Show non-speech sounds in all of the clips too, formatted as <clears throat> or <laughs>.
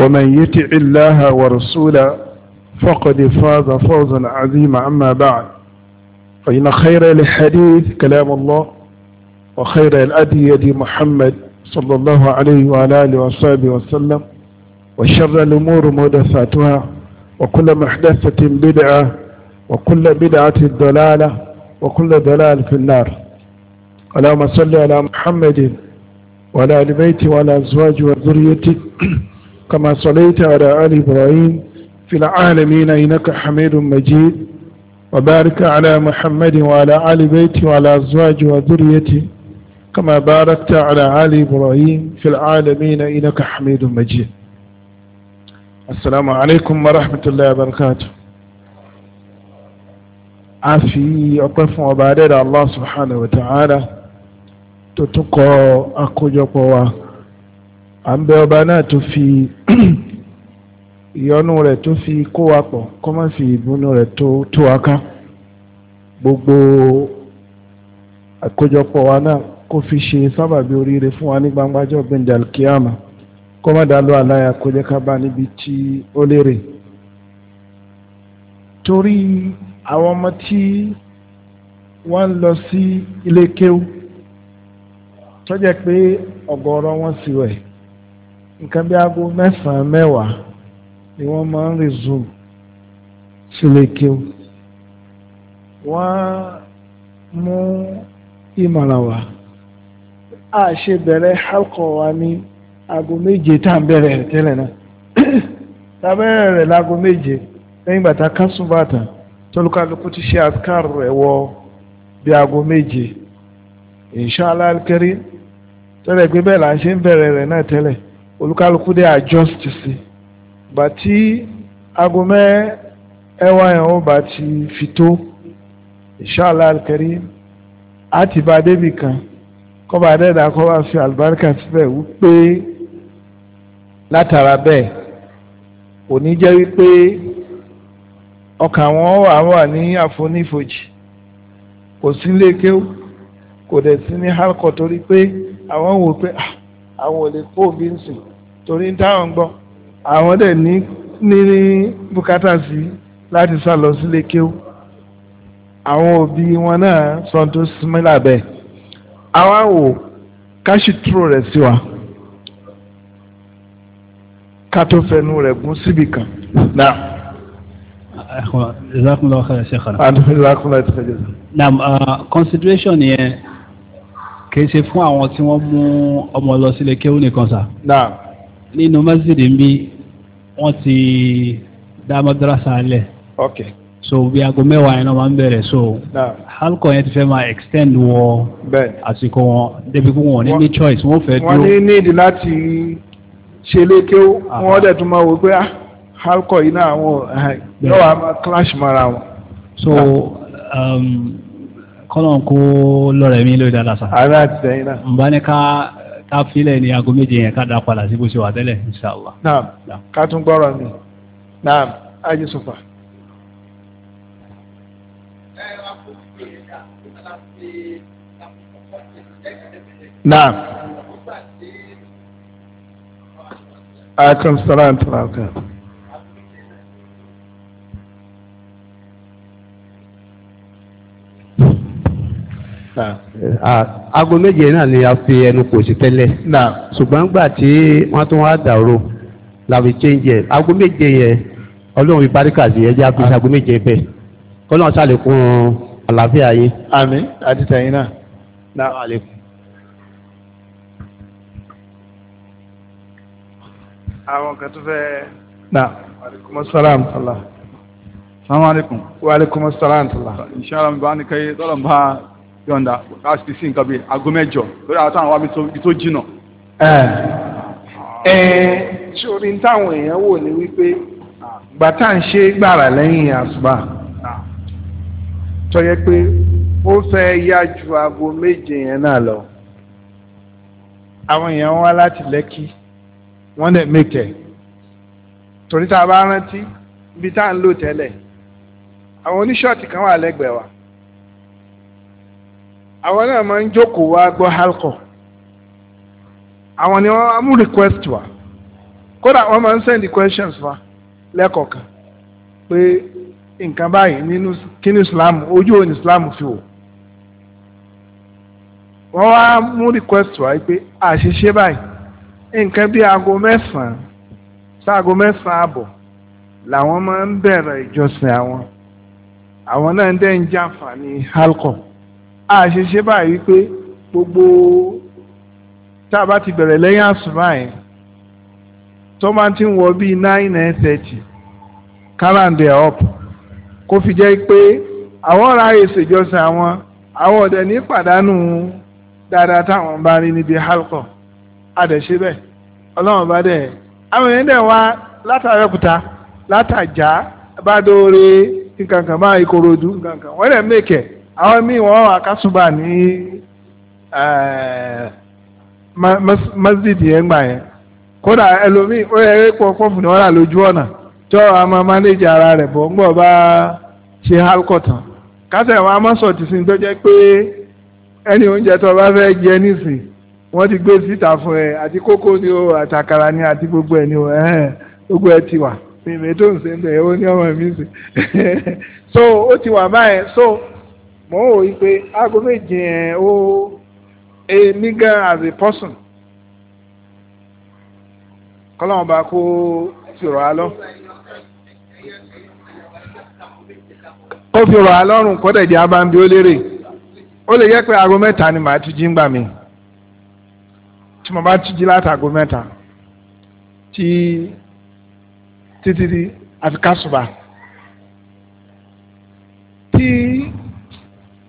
ومن يطع الله ورسوله فقد فاز فوزا عظيما أما بعد فإن خير الحديث كلام الله وخير الأدي يدي محمد صلى الله عليه وعلى آله وصحبه وسلم وشر الأمور محدثاتها وكل محدثة بدعة وكل بدعة ضلالة وكل ضلال في النار اللهم صل على محمد وعلى آل بيته وعلى أزواجه وذريته كما صليت على آل إبراهيم في العالمين إنك حميد مجيد وبارك على محمد وعلى آل بيته وعلى أزواجه وذريته كما باركت على آل إبراهيم في العالمين إنك حميد مجيد السلام عليكم ورحمة الله وبركاته àfi ọpẹ́ fún الله سبحانه وتعالى تتقى أكو ta'ala à ń bẹ ọba náà tó fi <clears throat> ìyọ́nú rẹ̀ tó fi kó wa pọ̀ kó má fi ìbùnú rẹ̀ tó tú wa ká gbogbo àkójọpọ̀ wa náà kó fi ṣe sábàbí oríire fún wa ní gbangbájọ́ gbẹ̀ndẹ̀ alkiyama kó má dá lọ àláyà kó níbi tí ó lérè torí àwọn ọmọ tí wọ́n ń lọ sí ilé kéwú tó pé ọ̀gọ̀ọ̀rọ̀ wọn sì wẹ̀ nǹkan bí aago mẹ́sàn-án mẹ́wàá ni wọ́n máa ń resume sílé kíw wọ́n mú ìmọ̀ràn wá a ṣe bẹ̀rẹ̀ halkọ̀ wa ní aago méje tá à ń bẹ̀rẹ̀ rẹ̀ tẹ́lẹ̀ náà <clears throat> tá a bẹ̀rẹ̀ rẹ̀ láago méje lẹ́yìn bàtà tọ́lùkálùkù ti ṣe àkàrò rẹ̀ wọ bí aago méje inshallah al tẹ́lẹ̀ pé bẹ́ẹ̀ là ń ṣe ń bẹ̀rẹ̀ rẹ̀ náà tẹ́lẹ̀ olúkálukú dé adjust sí gbà tí aago mẹ́ ẹwà yẹn ó bá ti fi tó inshallah alkarim á ti bá débì kan kọ́ba adẹ́dà kọ́ba fi àlùbáríkà síbẹ̀ wípé látara bẹ́ẹ̀ kò ní jẹ́ wípé ọkàn wọn wà wà ní àfonífojì kò sí lékéw kò dẹ̀ sí ní halkọ̀ torí pé àwọn wò pé ah àwọn ò lè kó òbí ń sìn torí táwọn gbọ́ àwọn dẹ̀ ní ní bùkátà sí láti sá lọ sílé kéwú àwọn òbí wọn náà sọ tó sinmi lábẹ́ àwa wò káṣí túrò rẹ̀ sí wa ká tó fẹnu rẹ̀ gún síbì kan náà. Jazakumullahu khairan Sheikh. Jazakumullahu khairan. Naam, uh, consideration yẹn kìí ṣe fún àwọn tí wọ́n mú ọmọ lọ sílé kéwú nìkan sá. nínú masjid ń wọ́n ti dá madrasa lẹ̀. Okay. so bí aago mẹ́wàá iná máa ń bẹ̀rẹ̀ so halkọ yẹn ti fẹ́ máa extend wọ àsìkò wọn débi kó wọn ní choice wọ́n fẹ́ dúró. wọ́n ní níìdì láti ṣe lé kéwú ah. wọ́n dẹ̀ tún máa wò pé ah, halkọ yìí náà àwọn eh, yóò wá clash mara wọn. so. Um, kọ́lọ̀n kó lọ́rẹ̀ mi lórí dáadáa sa. ara ti sẹ́yìn náà. n bá ní ká ká filẹ̀ ní aago méje yẹn ká padà sí bó wà tẹ́lẹ̀ naam ká tún gbọ́rọ̀ mi naam ayé sùfà. naam. aago méje a fi ẹnu kò sí tẹ́lẹ̀ ṣùgbọ́n gbà tí wọ́n tún wá dàrú la change aago méje yẹn ọlọ́run fi sí ẹjẹ́ àfihàn aago méje bẹ́ẹ̀ kọ́lọ́n sàlékún àlàáfíà yín. àmín àti tẹ̀yìn náà. náà àlékún. àwọn kan na wa salaam tala. baa. yọ̀ǹda láti fi sí nǹkan bíi aago mẹ́jọ lórí àwọn táwọn wá bí tó jìnà. sórí ah. táwọn èèyàn wò ní wípé ah, gbàtà ń ṣe gbàrà lẹ́yìn àṣùbà ah, tó yẹ pé ó fẹ́ yá ju aago méje yẹn náà lọ àwọn èèyàn wá láti lẹ́kí wọ́n dẹ̀ mẹ́kẹ̀ torí tá a bá rántí ibi tá à ń lò tẹ́lẹ̀ àwọn oníṣọ́ọ̀tì kan wà lẹ́gbẹ̀ẹ́ wa àwọn náà máa ń jókòó wá gbọ́ halkọ àwọn ni wọ́n mú request wa kódà wọ́n máa ń send questions wa lẹ́kọ̀ọ̀kan pé nǹkan báyìí nínú kíní Islam ojú òní Islam fi wò wọ́n wá mú request wa pé àṣìṣe báyìí nǹkan bí aago mẹ́sàn-án sáago mẹ́sàn-án àbọ̀ làwọn máa ń bẹ̀rẹ̀ ìjọsìn àwọn àwọn náà ń dẹ́ ń jàǹfààní halkọ àṣeṣe báyìí pé gbogbo tá a bá ti bẹ̀rẹ̀ lẹ́yìn àsùnmá yẹn tó máa ti ń wọ bíi nine nine thirty calendar up kó fi jẹ́ pé àwọn ráàyè ṣèjọsìn àwọn àwọn ọ̀dẹ̀ ní pàdánù dáadáa táwọn bá rí níbi halkọ àdẹ̀ṣe bẹ́ẹ̀ ọlọ́run bá dẹ̀ àwọn èèyàn dẹ̀ wá látàrẹ́kùta látàjá bá dóore nǹkan kan bá ìkòròdú nǹkan kan wọ́n dẹ̀ mẹ́kẹ̀ẹ́. àwọn míì wọ́n wà kásùbà ní eh, masjid yẹn gbà yẹn kódà ẹlòmíì ó yẹ kó pọ́ọ̀pù ní wọ́n lójú ọ̀nà tó ara rẹ̀ bọ̀ ńgbọ̀ bá ṣe alkọ̀tàn kásẹ̀ wọn a máa sọ̀tì sí tó jẹ́ pé ẹni oúnjẹ tó bá fẹ́ jẹ nísìn wọ́n ti gbé síta fún ẹ àti kókó ni o àtàkàrà ni àti gbogbo ẹ ni o gbogbo ẹ ti wà ń ṣe ń bẹ̀ ẹ̀ ó ní <laughs> so ó ti wà báyẹn so mo ń wò yí pé aago méje yẹn ó èmi gan as a person kọ́lọ́mù bá kó fìrọ̀ alọ́ kó fìrọ̀ alọ́rùn kó dẹ̀ jẹ́ abambi ó lérè ó lè yẹ pé aago mẹ́ta ni màá ti jí ń gbà mí tí mo bá ti jí látago mẹ́ta tí títí àfi kásùbà.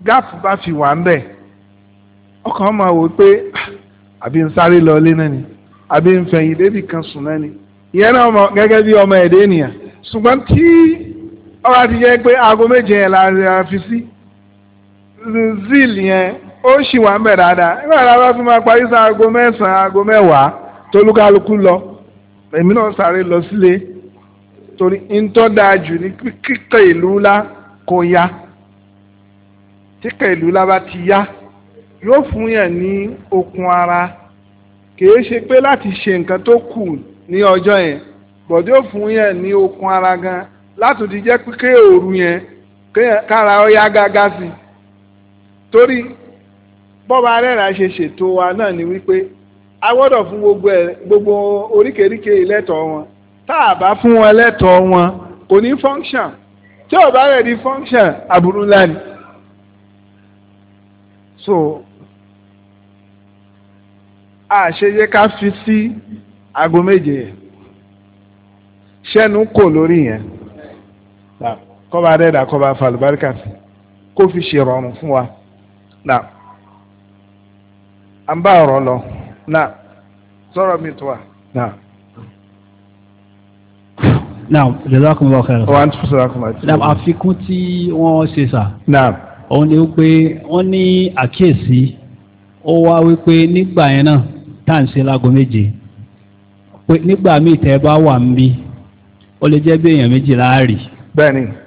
gáàpù bá fi wà ń bẹ̀ ọkàn máa wò pé ah, àbí ń sáré lọ ilé náà ni àbí ń fẹ̀yìn débì kan sùn náà ni ìyẹn náà gẹ́gẹ́ bí ọmọ ẹ̀dẹ́ ènìyàn ṣùgbọ́n tí ọba ti jẹ́ pé aago méje yẹn la fi sí zil yẹn ó sì wà ń bẹ̀ dáadáa nígbà tá a bá fi máa parí sí aago mẹ́sàn-án aago mẹ́wàá tolúkálukú lọ èmi náà sáré lọ sílé torí ń tọ́ dáa jù ní kíkọ́ ìlú ńlá kò ya tí kẹ̀lú lába ti yá yóò fún yàn ní okun ara kìí ṣe pé láti ṣe nǹkan tó kù ní ọjọ́ yẹn bọ̀dé ó fún yẹn ní okun ara gan látòdì jẹ́ pípé òru yẹn kára ó yá gágá sí i torí bọ́ba arẹ́ra ṣe ṣètò wa náà ni wípé a gbọ́dọ̀ fún gbogbo ẹ̀ gbogbo oríkèéríkèé lẹ́tọ̀ọ́ wọn tá a bá fún wọn lẹ́tọ̀ọ́ wọn kò ní function tí ò bá rẹ̀ di function àbúrú ńlá so àṣeyẹ ká fi sí aago méje yẹn ṣẹ́nu kò lórí yẹn kọ́ba adẹ́dà kọ́ba falùbáríkà sí kó fi ṣe rọrùn fún wa náà à ń bá ọ̀rọ̀ lọ náà sọ̀rọ̀ mi tó wa náà. Naam, jazakumullahu khairan. Wa antum jazakumullahu khairan. Naam, àfikún tí wọ́n ṣe sà. Naam. òun ni wípé wọ́n ní àkíyèsí ó wá wípé nígbà yẹn náà tá à ń ṣe láago méje pé nígbà míì tẹ́ bá wà ń bí ó lè jẹ́ bí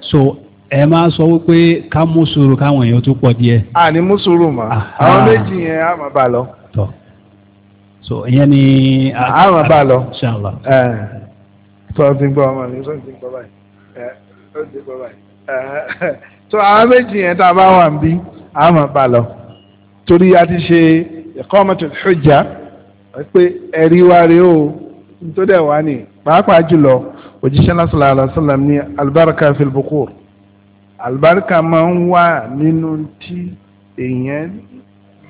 so ẹ máa sọ wípé ká mú sùúrù káwọn èèyàn tó pọ̀ díẹ̀. àní mú sùúrù mọ́ àwọn méjì yẹn á máa bá so ìyẹn ni. a máa bá lọ. ṣàlọ. ẹ sọ ti gbọ́ ọmọ mi sọ ti báyìí ẹ ti so àwọn méjì yẹn tá a bá wà ń bí a máa bá lọ torí a ti ṣe iqamatul hujja pé ẹ̀rí wa rèé o tó dẹ̀ wá ní pàápàá jùlọ òjíṣẹ́ náà sallallahu alaihi wasallam ní albarka fil bukur albarka máa ń wà nínú tí èèyàn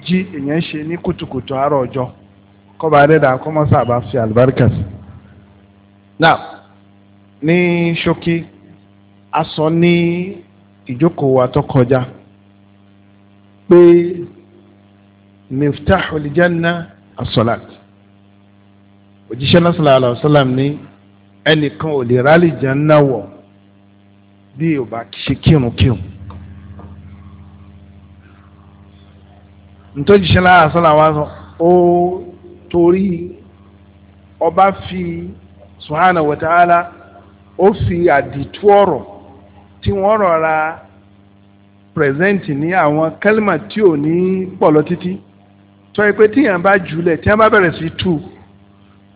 jí èèyàn ṣe ní kùtùkùtù àárọ̀ ọjọ́ kọba adẹ́dà kọ́mọ́sà bá fi albarka sí. now ní ṣókí a sọ ní ìjókòó wa tó kọjá pé miftahu lijanna asolat òjíṣẹ́ náà sallallahu alaihi ní ẹnìkan ò lè rálì janna wọ̀ bí ò bá ṣe kírunkírun. ntòjíṣẹ́ náà sallallahu alaihi wasallam ó torí ọba fi subhanahu wa ta'ala ó fi àdìtú ọ̀rọ̀ tí wọ́n rọra pẹ̀sẹ̀ǹtì ní àwọn kẹ́lìmà tí ò ní pọ̀ lọ títí tọ́ ẹ pé tíyàn bá jùlẹ̀ tíyàn bá bẹ̀rẹ̀ sí tù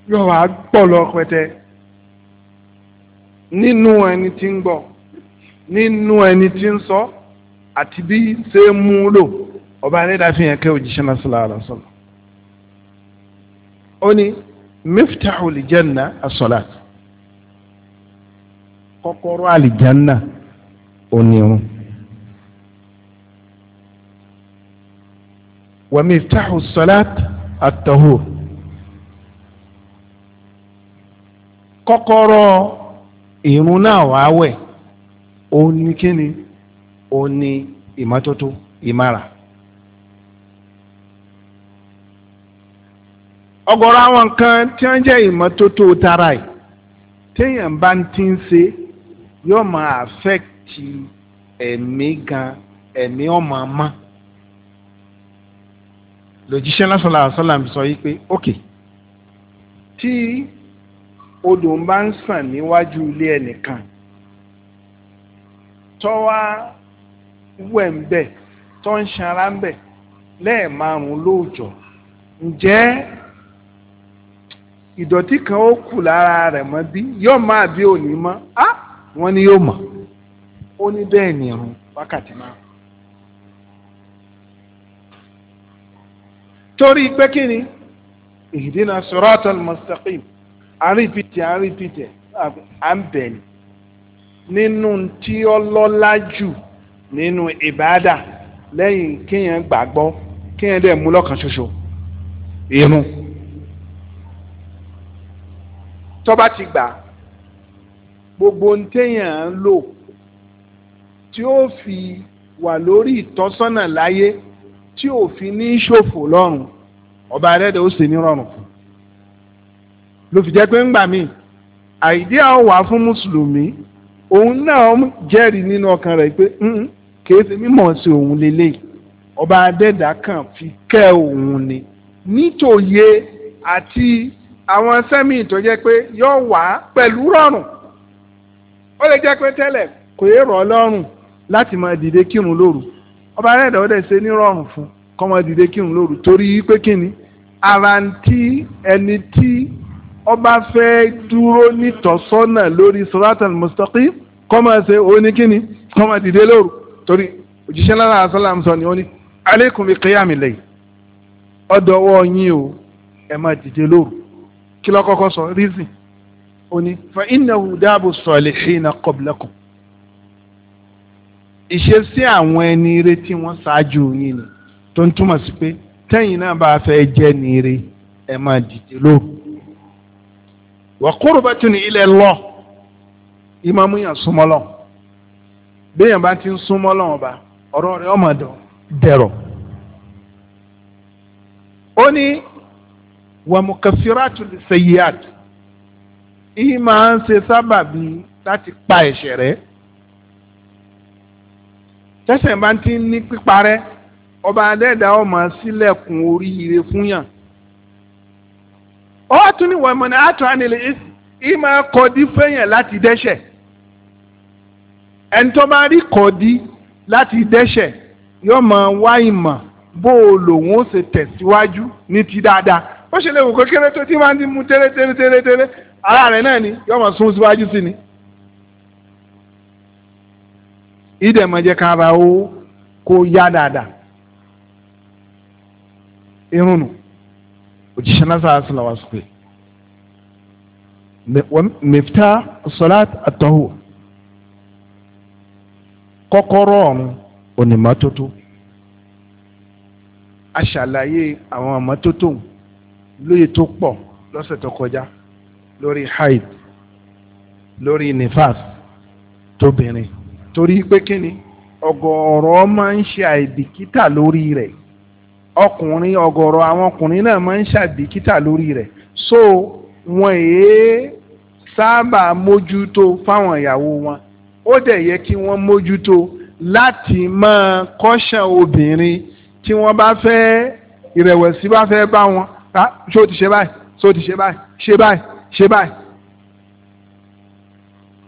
yóò wá pọ̀ lọ pẹ̀tẹ́ nínú ẹni tí ń gbọ́ nínú ẹni tí ń sọ àti bí ṣe ń mú lò ọba rẹ̀dá fi hàn kẹ́ òjíṣẹ́ náà sallallahu alaihi wasallam ó ní miftahu lìjẹ́nà as-salat kọ́kọ́rọ́ àlìjẹ́nà onírun. wa miftahu salat at-tahur náà wàá wẹ̀ òun ni kíni ni ìmọ́tótó ìmára. ọgọrọ àwọn nǹkan tí wọ́n jẹ́ ìmọ́tótó tara ẹ̀ téèyàn bá ń ti ń ṣe yóò máa affect ti ẹ̀mí gan ẹ̀mí ọmọ ọmọ lòjíṣẹ́ lásọ̀lá àṣọ́là sọ yí pé ok tí odò ń bá ń sàn níwájú ilé ẹnìkan tọ́wá wẹ̀ ń bẹ̀ tọ́ ń ṣara ń bẹ̀ lẹ́ẹ̀márùn-ún lóòjọ́ ǹjẹ́ ìdọ̀tí kan ó kù lára rẹ̀ mọ́ bí yóò máa bí òní mọ́ á wọ́n ní yóò mọ̀ ó ní bẹ́ẹ̀ ni ìrun wákàtí márùn. torí pé kí ni ihdina siratal mustaqim àrípìtì àrípìtì à ń bẹ̀ ni nínú tí ó lọ́lá jù nínú ìbáàdà lẹ́yìn kéèyàn gbàgbọ́ kéèyàn dẹ̀ mú lọ́kàn ṣoṣo irun tó ti gbà gbogbo ń téèyàn lò tí ó fi wà lórí ìtọ́sọ́nà láyé tí ò fi ní ṣòfò lọ́rùn ọba rẹ̀dẹ̀ ó sì ní rọrùn fún ló fi jẹ́ pé ń gbà mí àìdí àwọn wà fún mùsùlùmí òun náà jẹ́rìí nínú ọkàn rẹ̀ pé kìí ṣe mímọ̀ sí òun lélẹ́yìí ọba adẹ́dà kan fi kẹ́ òun ni nítòye àti àwọn sẹ́mi tó jẹ́ pé yóò wá pẹ̀lú rọrùn ó lè jẹ́ pé tẹ́lẹ̀ kò yé rọ̀ lọ́rùn láti máa dìde kírun lóru ọba rẹ̀dà ó dẹ̀ ṣe nírọ̀rùn fún kó máa dìde kírun lóru torí pé kíni ara ń tí ẹni tí ọba fẹ́ dúró nítọ́sọ́nà lórí sọ́ràtàn mustaqim kó máa ṣe oníkíni kó máa dìde lóru torí òjíṣẹ́ lára àṣọlám sọ ni ó ní alaykum bi qiyamil ọ̀dọ̀wọ́ yín o ẹ máa dìde lóru kí lọ́kọ́kọ́ sọ reason ó ní fa innahu dabu salihina qablakum ìṣesí àwọn ẹni ire tí wọ́n ṣáájú yín ni tó ń túmọ̀ sí pé tẹ́yìn náà bá fẹ́ jẹ́ ni ire ẹ máa dìde ló. wa qurbatun ila Allah ìmọ̀mú yàn súnmọ́ lọ béèyàn bá ti ń súnmọ́ lọ́wọ́ bá ọ̀rọ̀ rẹ̀ ọmọ dẹ̀rọ̀. ó ní wa mukaffiratul sayyi'at ìmọ̀ à ń ṣe sábàbí láti pa ẹ̀ṣẹ̀ rẹ̀ tẹ́sẹ̀ bá ti ní píparẹ́ ọba adẹ́ẹ̀dá ọmọ sílẹ̀kùn oríire fún yàn ó tún ní wọ̀nyí mọ̀nà àtún ànilẹ̀ ìmọ̀ kọ́dí fẹ́yàn láti dẹ́ṣẹ̀ ẹni tó bá rí kọ́dí láti dẹ́ṣẹ̀ yóò máa wá ìmọ̀ bó o lòun ó ṣe tẹ̀síwájú ní ti dáadáa ó ṣe lè wò kékeré tó ti máa ń mú tẹ́lẹ̀ tẹ́lẹ̀ tẹ́lẹ̀ ara rẹ̀ náà ni yóò máa sún síwájú sí ni. ìdẹ̀mọ̀jẹ́ kára ó kó yá dáadáa irun nù òjíṣẹ́ náà sáà sílẹ̀ wá sọ pé mẹ́fìtá sọlát àtọ́hù kọ́kọ́rọ́ ọ̀run onímọ́tótó a ṣàlàyé àwọn àmọ́tótó lóye tó pọ̀ lọ́sẹ̀ tó kọjá lórí haid lórí nifas tóbìnrin torí pé kí ni ọ̀gọ̀ọ̀rọ̀ máa ń ṣe àìbìkítà lórí rẹ̀ ọkùnrin ọ̀gọ̀ọ̀rọ̀ àwọn ọkùnrin náà máa ń ṣàìbìkítà lórí rẹ̀ so wọn èé sábà mójútó fáwọn ìyàwó wọn ó dẹ̀ yẹ kí wọ́n mójútó láti máa kọ́ṣàn obìnrin tí wọ́n bá fẹ́ ìrẹ̀wẹ̀sì bá fẹ́ bá wọn ah, ṣé o ti ṣe báyìí ṣé ti ṣe báyìí ṣe báyìí ṣe báyìí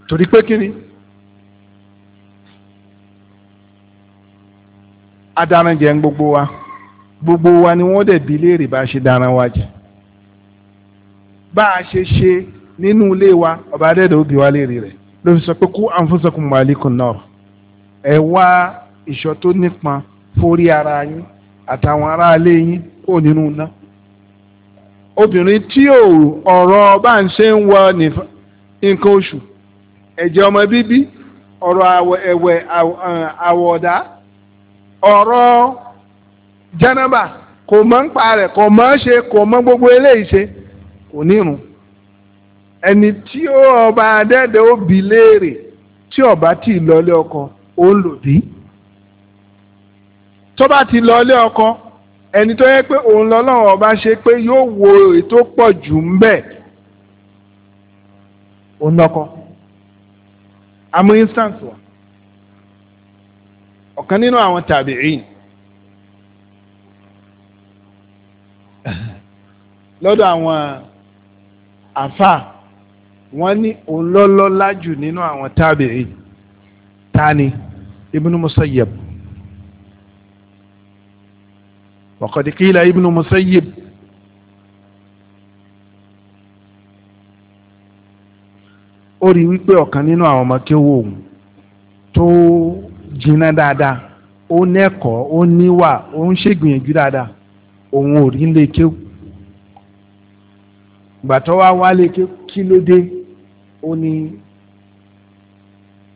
torí pé kí adaran jẹ ń gbogbo wa gbogbo wa ni wọ́n dẹ̀ bi léèrè bá a ṣe daran wa jẹ bá a ṣe ṣe nínú ilé wa ọba adẹ́dẹ̀ òbí wa léèrè rẹ̀ ló fi sọ pé kú àǹfọ̀sọ̀kùn màálíkùn náà ẹ wá ìṣọ́ tó nípọn forí ara yín àtàwọn aráalé yín kò nínú iná obìnrin tí ọ̀rọ̀ bá ń ṣe ń wọ nǹkan oṣù ẹ̀jẹ̀ ọmọ bíbí ọ̀rọ̀ ẹ̀wẹ̀ àwọ̀dá. ọ̀rọ̀ jẹ́nẹ́bà kò mọ̀ ń pa kò mọ̀ ń ṣe kò mọ̀ gbogbo eléyìí ṣe kò nírun ẹni tí ó ọba adẹ́dẹ́ ó bi léèrè tí ọba tí ì lọlé ọkọ ó ń lòdì tó bá ti lọlé ọkọ ẹni tó yẹ pé òun lọ́lọ́run ọba ṣe pé yóò wo ètò pọ̀ jù ń bẹ̀ òun lọkọ. àmú instance wa ọ̀kan nínú àwọn tàbíìn lọ́dọ̀ àwọn àfà wọ́n ní òun lọ́lọ́lá jù nínú àwọn tàbíìn tani ibn musayyib wa qad qila ibn musayyib ó rí wípé ọ̀kan nínú àwọn ọmọ kéwò tó jìnnà dáadáa ó nẹ́kọ̀ọ́ ó níwà ó ń ṣègbìyànjú dáadáa òun ò rí lè kéw gbàtọ́ wá wálé kí ló dé ó ní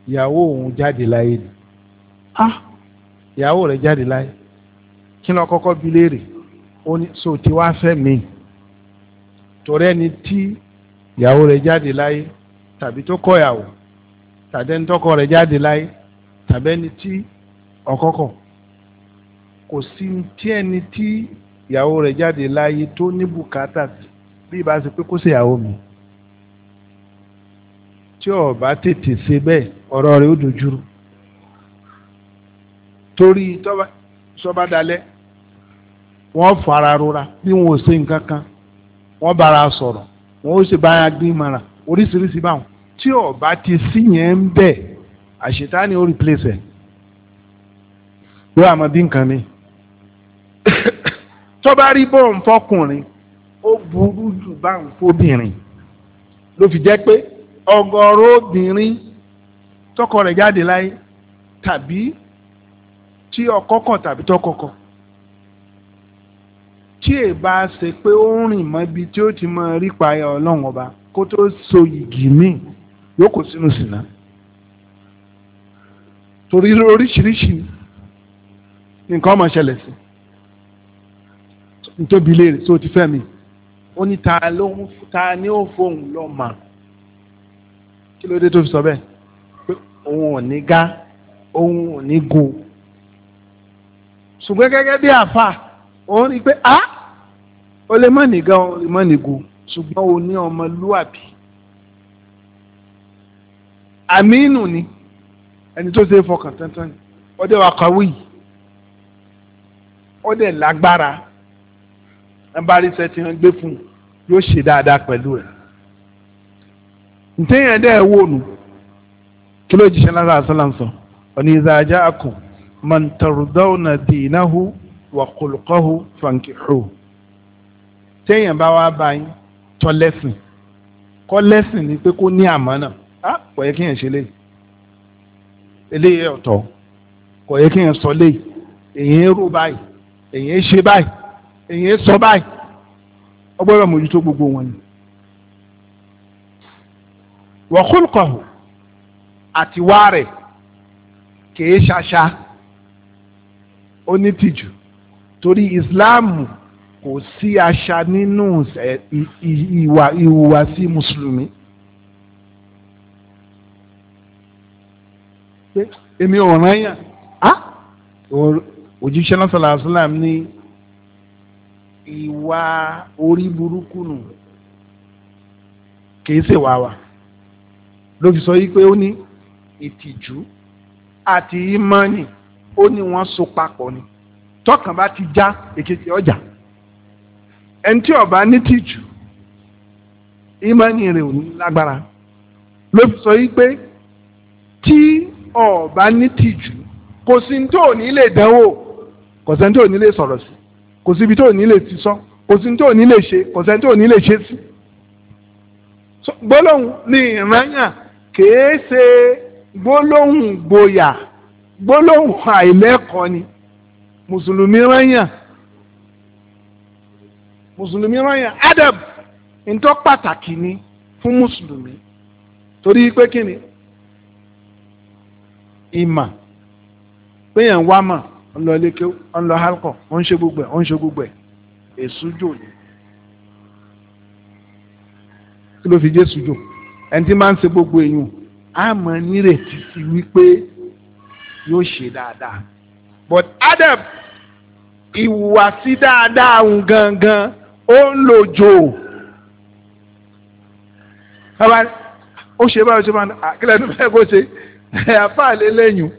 ìyàwó òun jáde láyé ni ah ìyàwó rẹ̀ jáde láyé kí ló kọ́kọ́ bi léèrè ó ní so tí wàá fẹ́ mi torí ẹni tí ìyàwó rẹ̀ jáde láyé tàbí tó kọ́ ìyàwó tàbí ẹni tó rẹ̀ jáde láyé tàbẹ́ni tí ọkọkọ kò sí tí ẹni tí ìyàwó rẹ̀ jáde láyé tó ní bùkátà bí ìbá ṣe pé kó ṣe ìyàwó mi tí ó bá tètè ṣe bẹ́ẹ̀ ọ̀rọ̀ rẹ̀ ó dojúrú torí sọ́ba dalẹ̀ wọ́n fara rora bí wọn ò ṣe nǹkan kan wọ́n bára sọ̀rọ̀ wọ́n ó ṣe báyà mara oríṣiríṣi báwọn tí bá ti sí àṣetáni ó replace ẹ̀ yóò àmọ́ bí nǹkan mi <coughs> tó bá rí bóun fọkùnrin ó burú jù báwọn fóbìnrin ló fi jẹ́ pé ọ̀gọ̀rọ̀ obìnrin tọkọ rẹ̀ jáde láyé tàbí tí ọkọ kọ tàbí tọkọ kọ tí ẹ bá ṣe pé ó rìn mọ́ ibi tí ó ti mọ rí payọ ọlọ́run ọba kó tó so yìgì míì yóò kó sínú sìnà torí oríṣiríṣi nǹkan ọmọ ṣẹlẹ̀ sí ntóbi léèrè tó ti fẹ́ mi ó ní ta ló ń ta ni ó fóun lọ mà kí ló dé tó fi sọ bẹ́ẹ̀ pé òun ò ní ga òun ò ní go ṣùgbọ́n gẹ́gẹ́ bí àfà òun rí i pé a ó lè má ní ga ó lè má ní go ṣùgbọ́n o ní ọmọlúwàbí àmínú ni. Ah? ẹni tó ṣe é fọkàn tán-tán ó dẹ̀ wà kọ́wé yìí ó dẹ̀ lágbára ẹ bá rí iṣẹ́ tí wọ́n gbé fún yóò ṣe dáadáa pẹ̀lú rẹ̀ ntẹ́yìn dẹ́ wò nù kí ló jíṣẹ́ lára àṣàlám sọ ọ̀nà ìzàjá akọ man tardawna dinahu wa khulqahu tẹ́yìn bá wá báyìí tọ́lẹ́sìn kọ́lẹ́sìn ni pé kó ní àmánà á pọ̀ yẹ kí yẹn ṣe léyìí. eléyìí ọ̀tọ̀ kò yẹ kí n sọ léyìí èyí ń rú báyìí èyí ń ṣe báyìí èyí ń sọ báyìí ọgbọ́dọ̀ mójútó gbogbo wọn ni. wọ́kúlùkọ̀hù àti wá kìí ṣaṣa onítìjú torí ìsìláàmù kò sí àṣà nínú ìhùwàsí mùsùlùmí. pé èmi ò rán yàn á òjíṣẹ́ náà sọ̀rọ̀ àṣìláàmù ní ìwà orí burúkú nù kì í ṣèwà wa ló fi sọ yí pé ó ní ìtìjú àti ìmánì ó ní wọ́n so papọ̀ ni tọkàn bá ti já èkejì ọjà ẹni tí ó ní tìjú ìmánì rẹ̀ ò ní lágbára ló fi sọ yí tí ọ̀ọ́bá ní tìjú kò sí ní tó ní lè dánwò kò sẹ́ni tó ní lè sọ̀rọ̀ sí kò síbi tó ní lè ti sọ kò sí ní tó ní lè ṣe kò sẹ́ni tó ní lè ṣe sí. gbólóhùn ni ìrànyà kèé ṣe gbólóhùn gboyà gbólóhùn àìlẹ́kọ̀ọ́ ni mùsùlùmí rányà mùsùlùmí rányà adab ntọ́ pàtàkì ni fún mùsùlùmí torí pé kí ni ìmà péyàn ń wá mà ń lọ lékè ń lọ hálkọ ń ṣe gbogbo ẹ̀ ń ṣe gbogbo ẹ̀ èṣù jò ní kí ló fi jésù jò ẹni tí máa ń ṣe gbogbo èèyàn á mọ nírètí sí wípé yóò ṣe dáadáa but adam ìwàsí dáadáa òun gangan ó ń lò jò ó ṣe báyìí ó ṣe báyìí kílẹ̀ tó fẹ́ kó ṣe. <laughs> àfáà lélẹ́yìn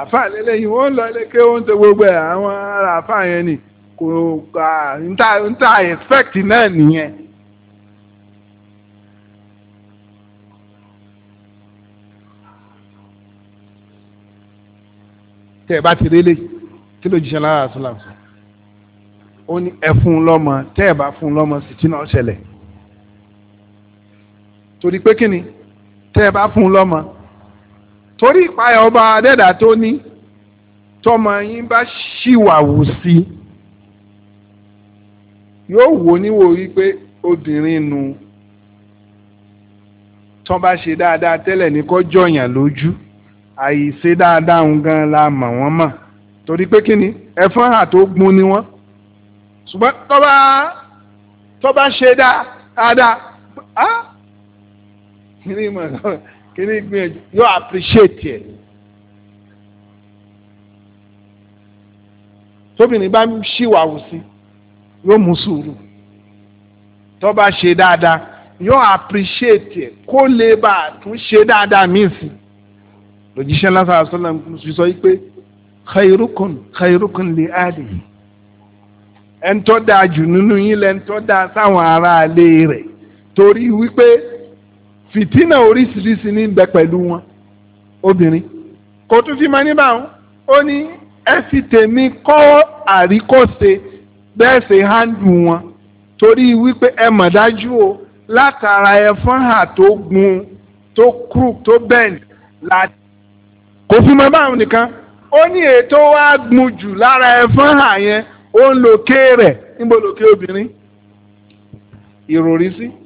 àfáà lélẹ́yìn wọ́n lọ lékè wọ́n tó gbogbo ẹ̀ àwọn ará àfáà yẹn ni kò nta nta expect náà nìyẹn. tẹ́ ẹ bá ti rélé kí ló jíṣẹ́ lára àtúnlá sọ ó ní ẹ fún lọ́mọ tẹ́ ẹ bá fún lọ́mọ sì tí náà ṣẹlẹ̀ torí pé kí ni tẹ́ ẹ bá fún lọ́mọ torí ìpayà ọba adẹ́dà tó ní tọmọ yín bá ṣìwàwù sí yóò wò níwò wípé obìnrin nu tọ́ bá ṣe dáadáa tẹ́lẹ̀ ní kọ́ jọ̀yàn lójú àìṣe dáadáa ń gan la mọ̀ wọ́n mọ̀ torí pé kí ni ẹ̀fọn àtó gbun ni wọ́n ṣùgbọ́n tọ́ bá tọ́ bá ṣe dáadáa á ah! kí mọ̀ náà kíní gbìyànjú yóò appreciate ẹ̀. tóbìnrin bá ń ṣìwàwù sí yóò mú sùúrù tó bá ṣe dáadáa yóò appreciate ẹ̀ kó lè bá a tún ṣe dáadáa míì sí lójíṣẹ́ lásán àṣọlá ń sọ pé khairukum khairukum li alihi ẹ̀ńtọ́ dáa jù nínú yín lẹ́ńtọ́ dáa sáwọn aráalé rẹ̀ torí wípé fìtínà oríṣiríṣi ní bẹ pẹ̀lú wọn obìnrin kò tún fi máa ní báwọn ó ní ẹ fi tèmi kọ́ àríkọ́ṣe bẹ́ẹ̀ ṣe hándù wọn torí wípé ẹ mọ̀ dájú o látara ẹfọ́n hà tó gun tó kúrú tó bẹ́ẹ̀ni láti. kò fi mọ báwọn nìkan ó ní ètò wa gun jù lára ẹfọ́n hà yẹn ó ń lòkè rẹ̀ níbo lòkè obìnrin ìròrí sí. Si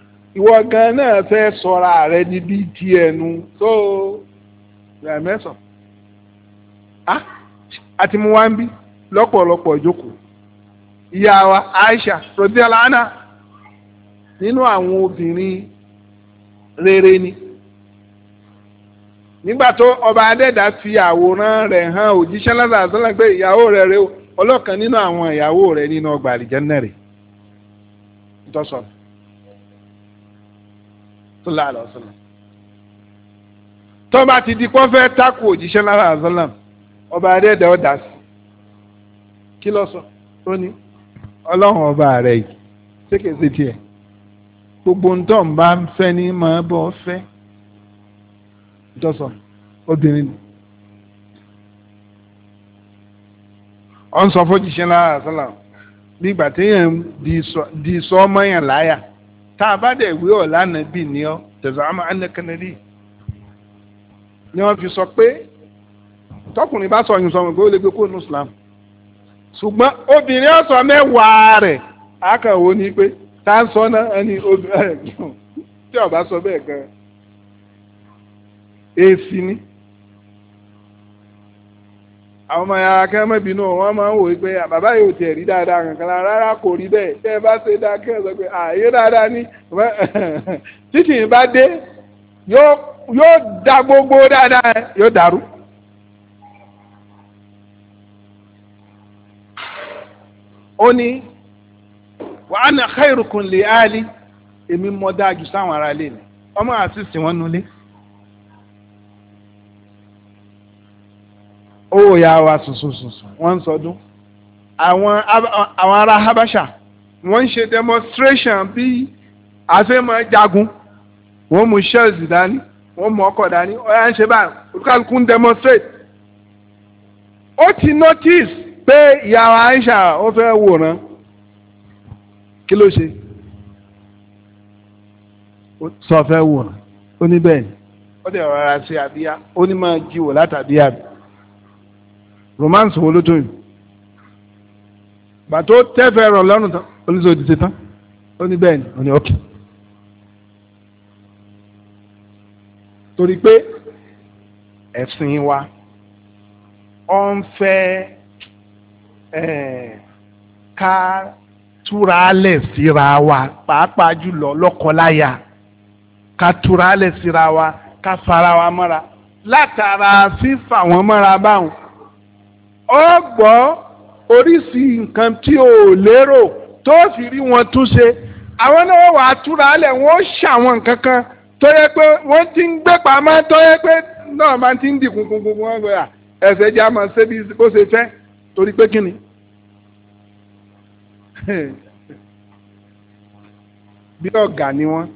ìwọ gan náà fẹ́ sọra rẹ níbi tí ẹnu tó rẹ mẹ́sàn án ah, àti mu wá ń bí lọ́pọ̀lọpọ̀ ìjókòó ìyá wa Aisha rọ̀díàlánà nínú àwọn obìnrin rere ni nígbà tó ọba adẹ́dà fi àwòrán rẹ̀ hàn òjíṣẹ́ lásán àtúnlá pé ìyàwó rẹ̀ rẹ̀ ọlọ́kan nínú àwọn ìyàwó rẹ̀ nínú ọgbà àlìjẹ́ńnà rẹ̀ ìtọ́sọ̀rọ̀. sallallahu alaihi wasallam tó bá ti di kó fẹ́ tako òjíṣẹ́ lára àzọ́là ọba adẹ́dẹ́ ọ̀dà sí kí lọ sọ ó ní ọlọ́run ọba rẹ̀ yìí sékèsè tiẹ̀ gbogbo ntọ́ ń bá ń fẹ́ ní máa bọ́ fẹ́ ìjọsọ obìnrin ni ọ̀n sọ fún òjíṣẹ́ lára àzọ́là nígbà téèyàn di sọ ọmọ yẹn láyà tá a bá dẹ̀ wí ọ̀ lánàá bì ní ọ tẹ̀sánmọ́ anẹ́kẹ́nẹ́lì ni wọ́n fi sọ pé tọkùnrin bá sọ yìí sọmọ pé ó lè gbé kó nu Islam ṣùgbọ́n obìnrin ọ̀sọ̀ mẹ́wàá rẹ̀ àkàwọ́ ni pé tá a sọ náà ẹni obìnrin tí ọba sọ bẹ́ẹ̀ gan-an èsì ni. àwọn ọmọ ya kẹ́mọ́ ìbínú wọn máa ń wò pé bàbá yóò tẹ̀ rí dáadáa kankan rárá kò rí bẹ́ẹ̀ tẹ́ ẹ bá ṣe dáa sọ pé ààyè <laughs> yóò da gbogbo dáadáa yóò dàrú. ó ní wàhánà khairukum li ali èmi mọ́ dáa jù sáwọn ará ilé mi ọmọ àti owó ya wa sùsùsùsù wọ́n ń sọdún àwọn ará Habasha wọ́n ń ṣe demonstration bí àfẹ́mọ́ jagun wọ́n mú shells dání wọ́n mú ọkọ̀ dání ọ̀yà ń ṣe báyìí olùkàlùkù ń demonstrate ó ti notice pé ìyàwó Aisha ó fẹ́ wòran kí ló ṣe sọ fẹ́ wòran ó ní bẹ́ẹ̀ ni ó dẹ̀ rọra ṣe àbíyá ó ní máa jíwò látàbíyá mi romance wo ló tó yìí gbà tó tẹ́fẹ̀ẹ́ rọ̀ lọ́rùn tán oníṣòwò ti ṣe tán ó ní bẹ́ẹ̀ ni ó ní ókè. torí pé ẹ̀sìn wa ọ ń fẹ́ ká túraálẹ̀ síra wa pàápàá jùlọ lọ́kọláya ká túraálẹ̀ síra wa ká fara wa mọ́ra látara fífà wọn mọ́ra báwọn ọ gbọ́ oríṣi nǹkan tí o lérò tó fi rí wọn tún ṣe àwọn náà wà á túra alẹ̀ wọ́n ṣàwọn nǹkan kan tó yẹ pé wọ́n ti ń gbé pamọ́ tó yẹ pé náà máa ti ń di kùnkùnkùn wọn gbé à ẹsẹ̀ jẹ́ àmọ́ ṣébi bó ṣe fẹ́ torí pé kíni. <laughs> bí ọ̀gá ni wọ́n.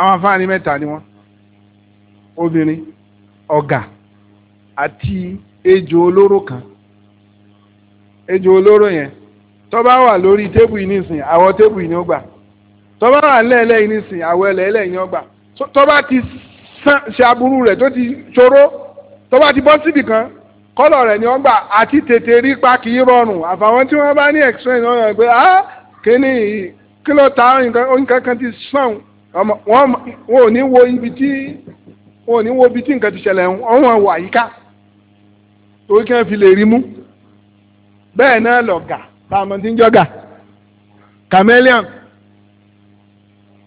àwọn afáàní mẹ́ta ni wọ́n obìnrin ọ̀gà àti ejò olóró kan ejò olóró yẹn tó wà lórí tébù yìí nísìnyí àwọ̀ tébù yìí ni ó gbà tó bá wà lẹ́ẹ̀lẹ́ yìí nísìnyí àwọ̀ ẹlẹ́ẹ̀lẹ́ yìí ni ó gbà tó bá ti ṣe aburú rẹ̀ tó ti ṣòro tó bá ti bọ́ síbì kan kọ́lọ̀ rẹ̀ ni ó gbà àti tètè rí pa kì í rọrùn àfàwọn tí wọ́n bá ní explain náà yẹn pé ah kíní kí ló ta nǹkan kan ti sàn wọ́n ò ní wo ibi tí wọn ò ní wo ibi tí nǹkan ti ṣẹlẹ̀ ọ̀hún àwọn àyíká torí kí wọ́n fi lè rí mú bẹ́ẹ̀ náà lọ̀gà táwọn ti ń jọ́gà chameleon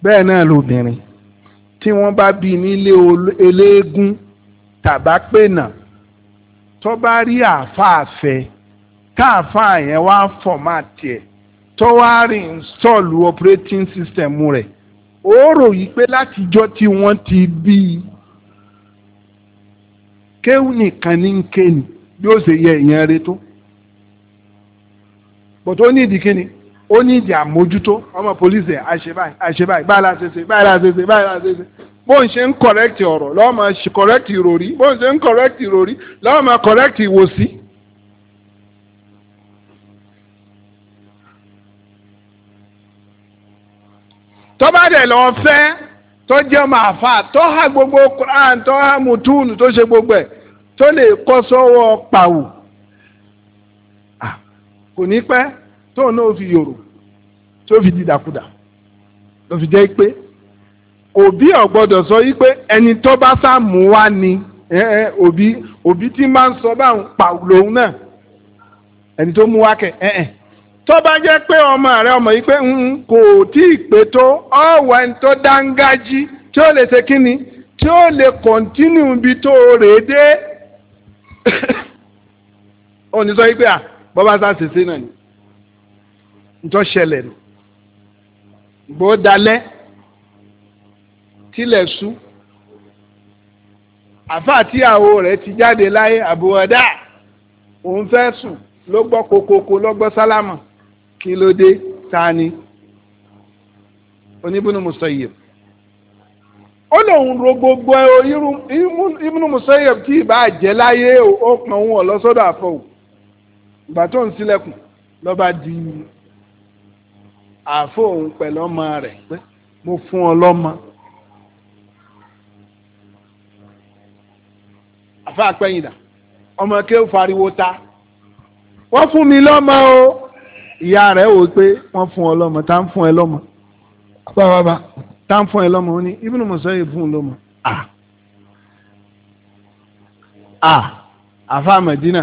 bẹ́ẹ̀ náà lóbìnrin tí wọ́n bá bí nílé eléégún tàbá pènà tó bá rí àáfàá fẹ́ káàfàá yẹn wá fọ̀máàtì ẹ̀ tó wá rí install operating system rẹ̀ ó rò yí pé látijọ́ tí wọ́n ti bí i kéwù nìkan ní ń ké ni bí ó ṣe yẹ ìyẹn rẹ tó but ó ní ìdí kíni ó ní ìdí àmójútó ọmọ pólísì àṣebáyé àṣebáyé báyìí la ṣe ṣe báyìí la ṣe ṣe báyìí la bó ń ṣe ń correct ọ̀rọ̀ lọ́wọ́ máa ìròrí bó ń ṣe ń correct ìròrí lọ́wọ́ máa ìwòsí. tọ́ba dẹ̀ lọ fẹ́ tó jẹ́ ọmọ àfa tó ha gbogbo Quran tó ha mùtúùnù tó ṣe gbogbo ẹ̀ tó lè kọ́ sọ́wọ́ pàwù kò ní pẹ́ tóun náà fi yòrò tó fi di dàkudà ló fi jẹ́ pé òbí ọ̀gbọ́dọ̀ sọ yí pé ẹni tó bá sá mú wá ni òbí tí máa ń sọ báwọn pàwù lòun náà ẹni tó mú wá kẹ ẹ̀ ẹ̀ tó bá jẹ́ pé ọmọ rẹ ọmọ yìí pé kò tí ì pé tó ọ̀wọ́ ẹni tó dángájí tí ó lè ṣe kínni tí ó lè kọ̀ntínú bí tó rèé dé òní <coughs> sọ yìí pé à bọ́bá sá ṣèṣe náà ni ntọ́ ṣẹlẹ̀ nù bó dalẹ́ tilẹ̀ sú àfa àtìyàwó rẹ̀ ti jáde láyé àbúrọ̀dá òun fẹ́ sùn ló gbọ́ kokoko ló sálámà kí ló dé ta ni oníbùnú musayyib ó lòun ro gbogbo ibùnú musayyib tí ìbá jẹ́ láyé ó pọn òun ọ̀ lọ́sọ́dọ̀ àfọ̀wò ìgbà tó ń sílẹ̀kùn lọ́ba di àfọ̀hún pẹ̀lú ọmọ rẹ̀ pé mo fún ọ lọ́mọ. àfa àpẹ́yìndà ọmọ kéwù fariwo ta wọ́n fún mi lọ́mọ o ìyá rẹ̀ wò pé wọ́n fún ọ lọ́mọ tá ń fún ẹ lọ́mọ bàbàbà tá ń fún ẹ lọ́mọ ó ní Ibn Musayyib fún un lọ́mọ à à àfa Madina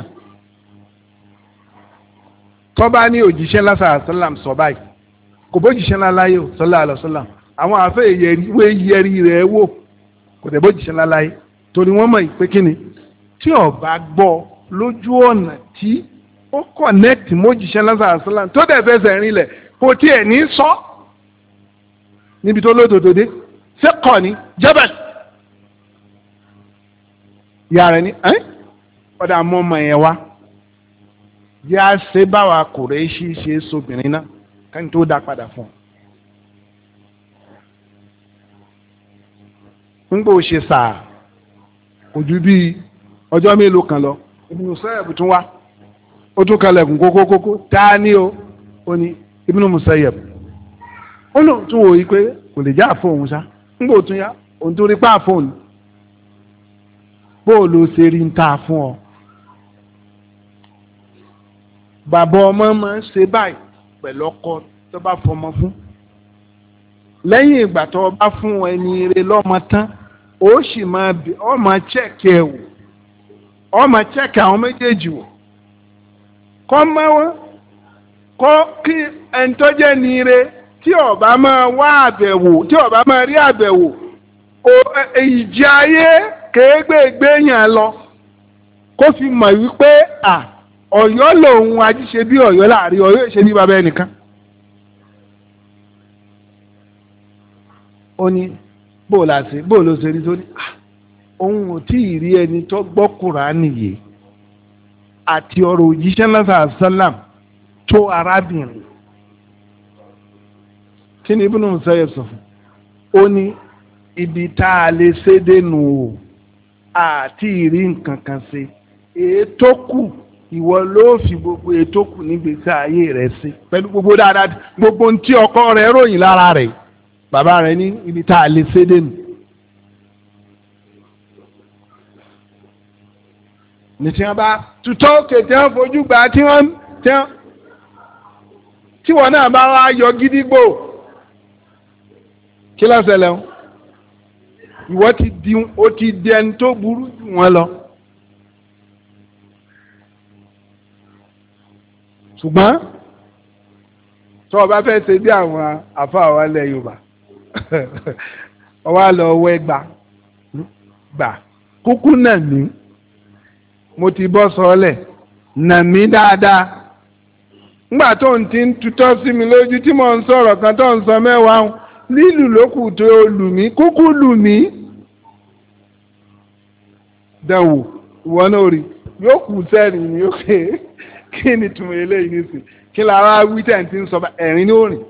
tọ́ba ní òjíṣẹ́ lásà sálàm sọ báyìí kò bójíṣẹ́ láláyé o sọlá àlọ́ sálàm àwọn àfẹ́ ìwé yẹri rẹ̀ wò kò tẹ̀ bójíṣẹ́ láláyé torí wọ́n mọ̀ pé kíni tí ọba gbọ́ lójú ọ̀nà tí ó connect mójíṣẹ́ lásán àṣàlàn tó dẹ̀ fẹsẹ̀ rinlẹ̀ kò tiẹ̀ ní sọ níbi tó lódodo dé ṣé kọ̀ ni jẹ́bẹ̀ ìyá rẹ̀ ni ọ̀dà mọ́ ọmọ yẹn wá yá ṣe báwa kùrẹ́ṣì ṣe sobìnrin náà kẹ́ni tó dá padà fún un nígbà ó ṣe sàá kò ju bíi ọjọ́ mélòó kan lọ ìbùnú sẹ́ẹ̀bù wá. ó tún kalẹ̀kùn kókókókó dání o ó ní Musayyab ó lóun tún wò yí pé kò lè já àfọ̀hún sá ńgbò tún yá òun tún rí pa àfọ̀hún bóòlù fún ọ bàbá ọmọ ma ṣe báyìí pẹ̀lú ọkọ tó bá fọmọ fún lẹ́yìn ìgbà tó fún ẹni rẹ lọ́mọ tán ó sì máa ẹ̀ wò kọ́ mọ́ wọn kọ́ kí ẹni tó jẹ́ nire tí ọba máa wá àbẹ̀wò tí ọba máa rí àbẹ̀wò e, ìjì ayé kéégbègbè yàn lọ kó fi mọ̀ wípé à ọ̀yọ́ lòun ajíṣe bí ọ̀yọ́ láàrin ọ̀yọ́ ìṣe bí bàbá ẹnìkan. ó ní bó o là ṣe o lọ ṣe rí tó ní òun ò tí ì rí ẹni tó gbọ́ Kùránì àti ọ̀rọ̀ òjíṣẹ́ lọ́sà sálàm tó arábìnrin kí ni ibùdó sọyẹ sọ fún ó ní ibi tá a lè ṣe dénú o àti ìrí nǹkan kan ṣe ètò kù ìwọ ló fi gbogbo ètò kù nígbèsè ayé rẹ sí pẹ̀lú gbogbo dáadáa gbogbo ohun ọkọ rẹ ròyìn lára rẹ bàbá rẹ ní ibi tá a lè ṣe dénú. ní tí wọ́n bá tutọ́ òkè tí wọ́n fojú gbà tí wọ́n tí wọ́n náà bá wá yọ gídígbò kí ló ṣẹlẹ̀ o ìwọ ti di o ti di ẹni tó burú jù wọ́n lọ. ṣùgbọ́n tó o bá fẹ́ ṣe bí àwọn àfáà wa Yorùbá ọwọ́ <laughs> àlọ́ ọwọ́ ẹgbàá gbà kúkú náà ní. mo ti bọ́ sọ́ọ́lẹ̀ nà mí mi lójú tí mò ń sọ̀rọ̀ kan tó ń sọ mẹ́wàá ń lílù lókù tó lù mí kúkú lù mí dẹ̀wò ìwọ náà rí yóò kù sẹ́rìn ní kí ni tùmọ̀ eléyìí nísìn kí lára wí tẹ̀ ń ti ń sọ ẹ̀rín ní òrìn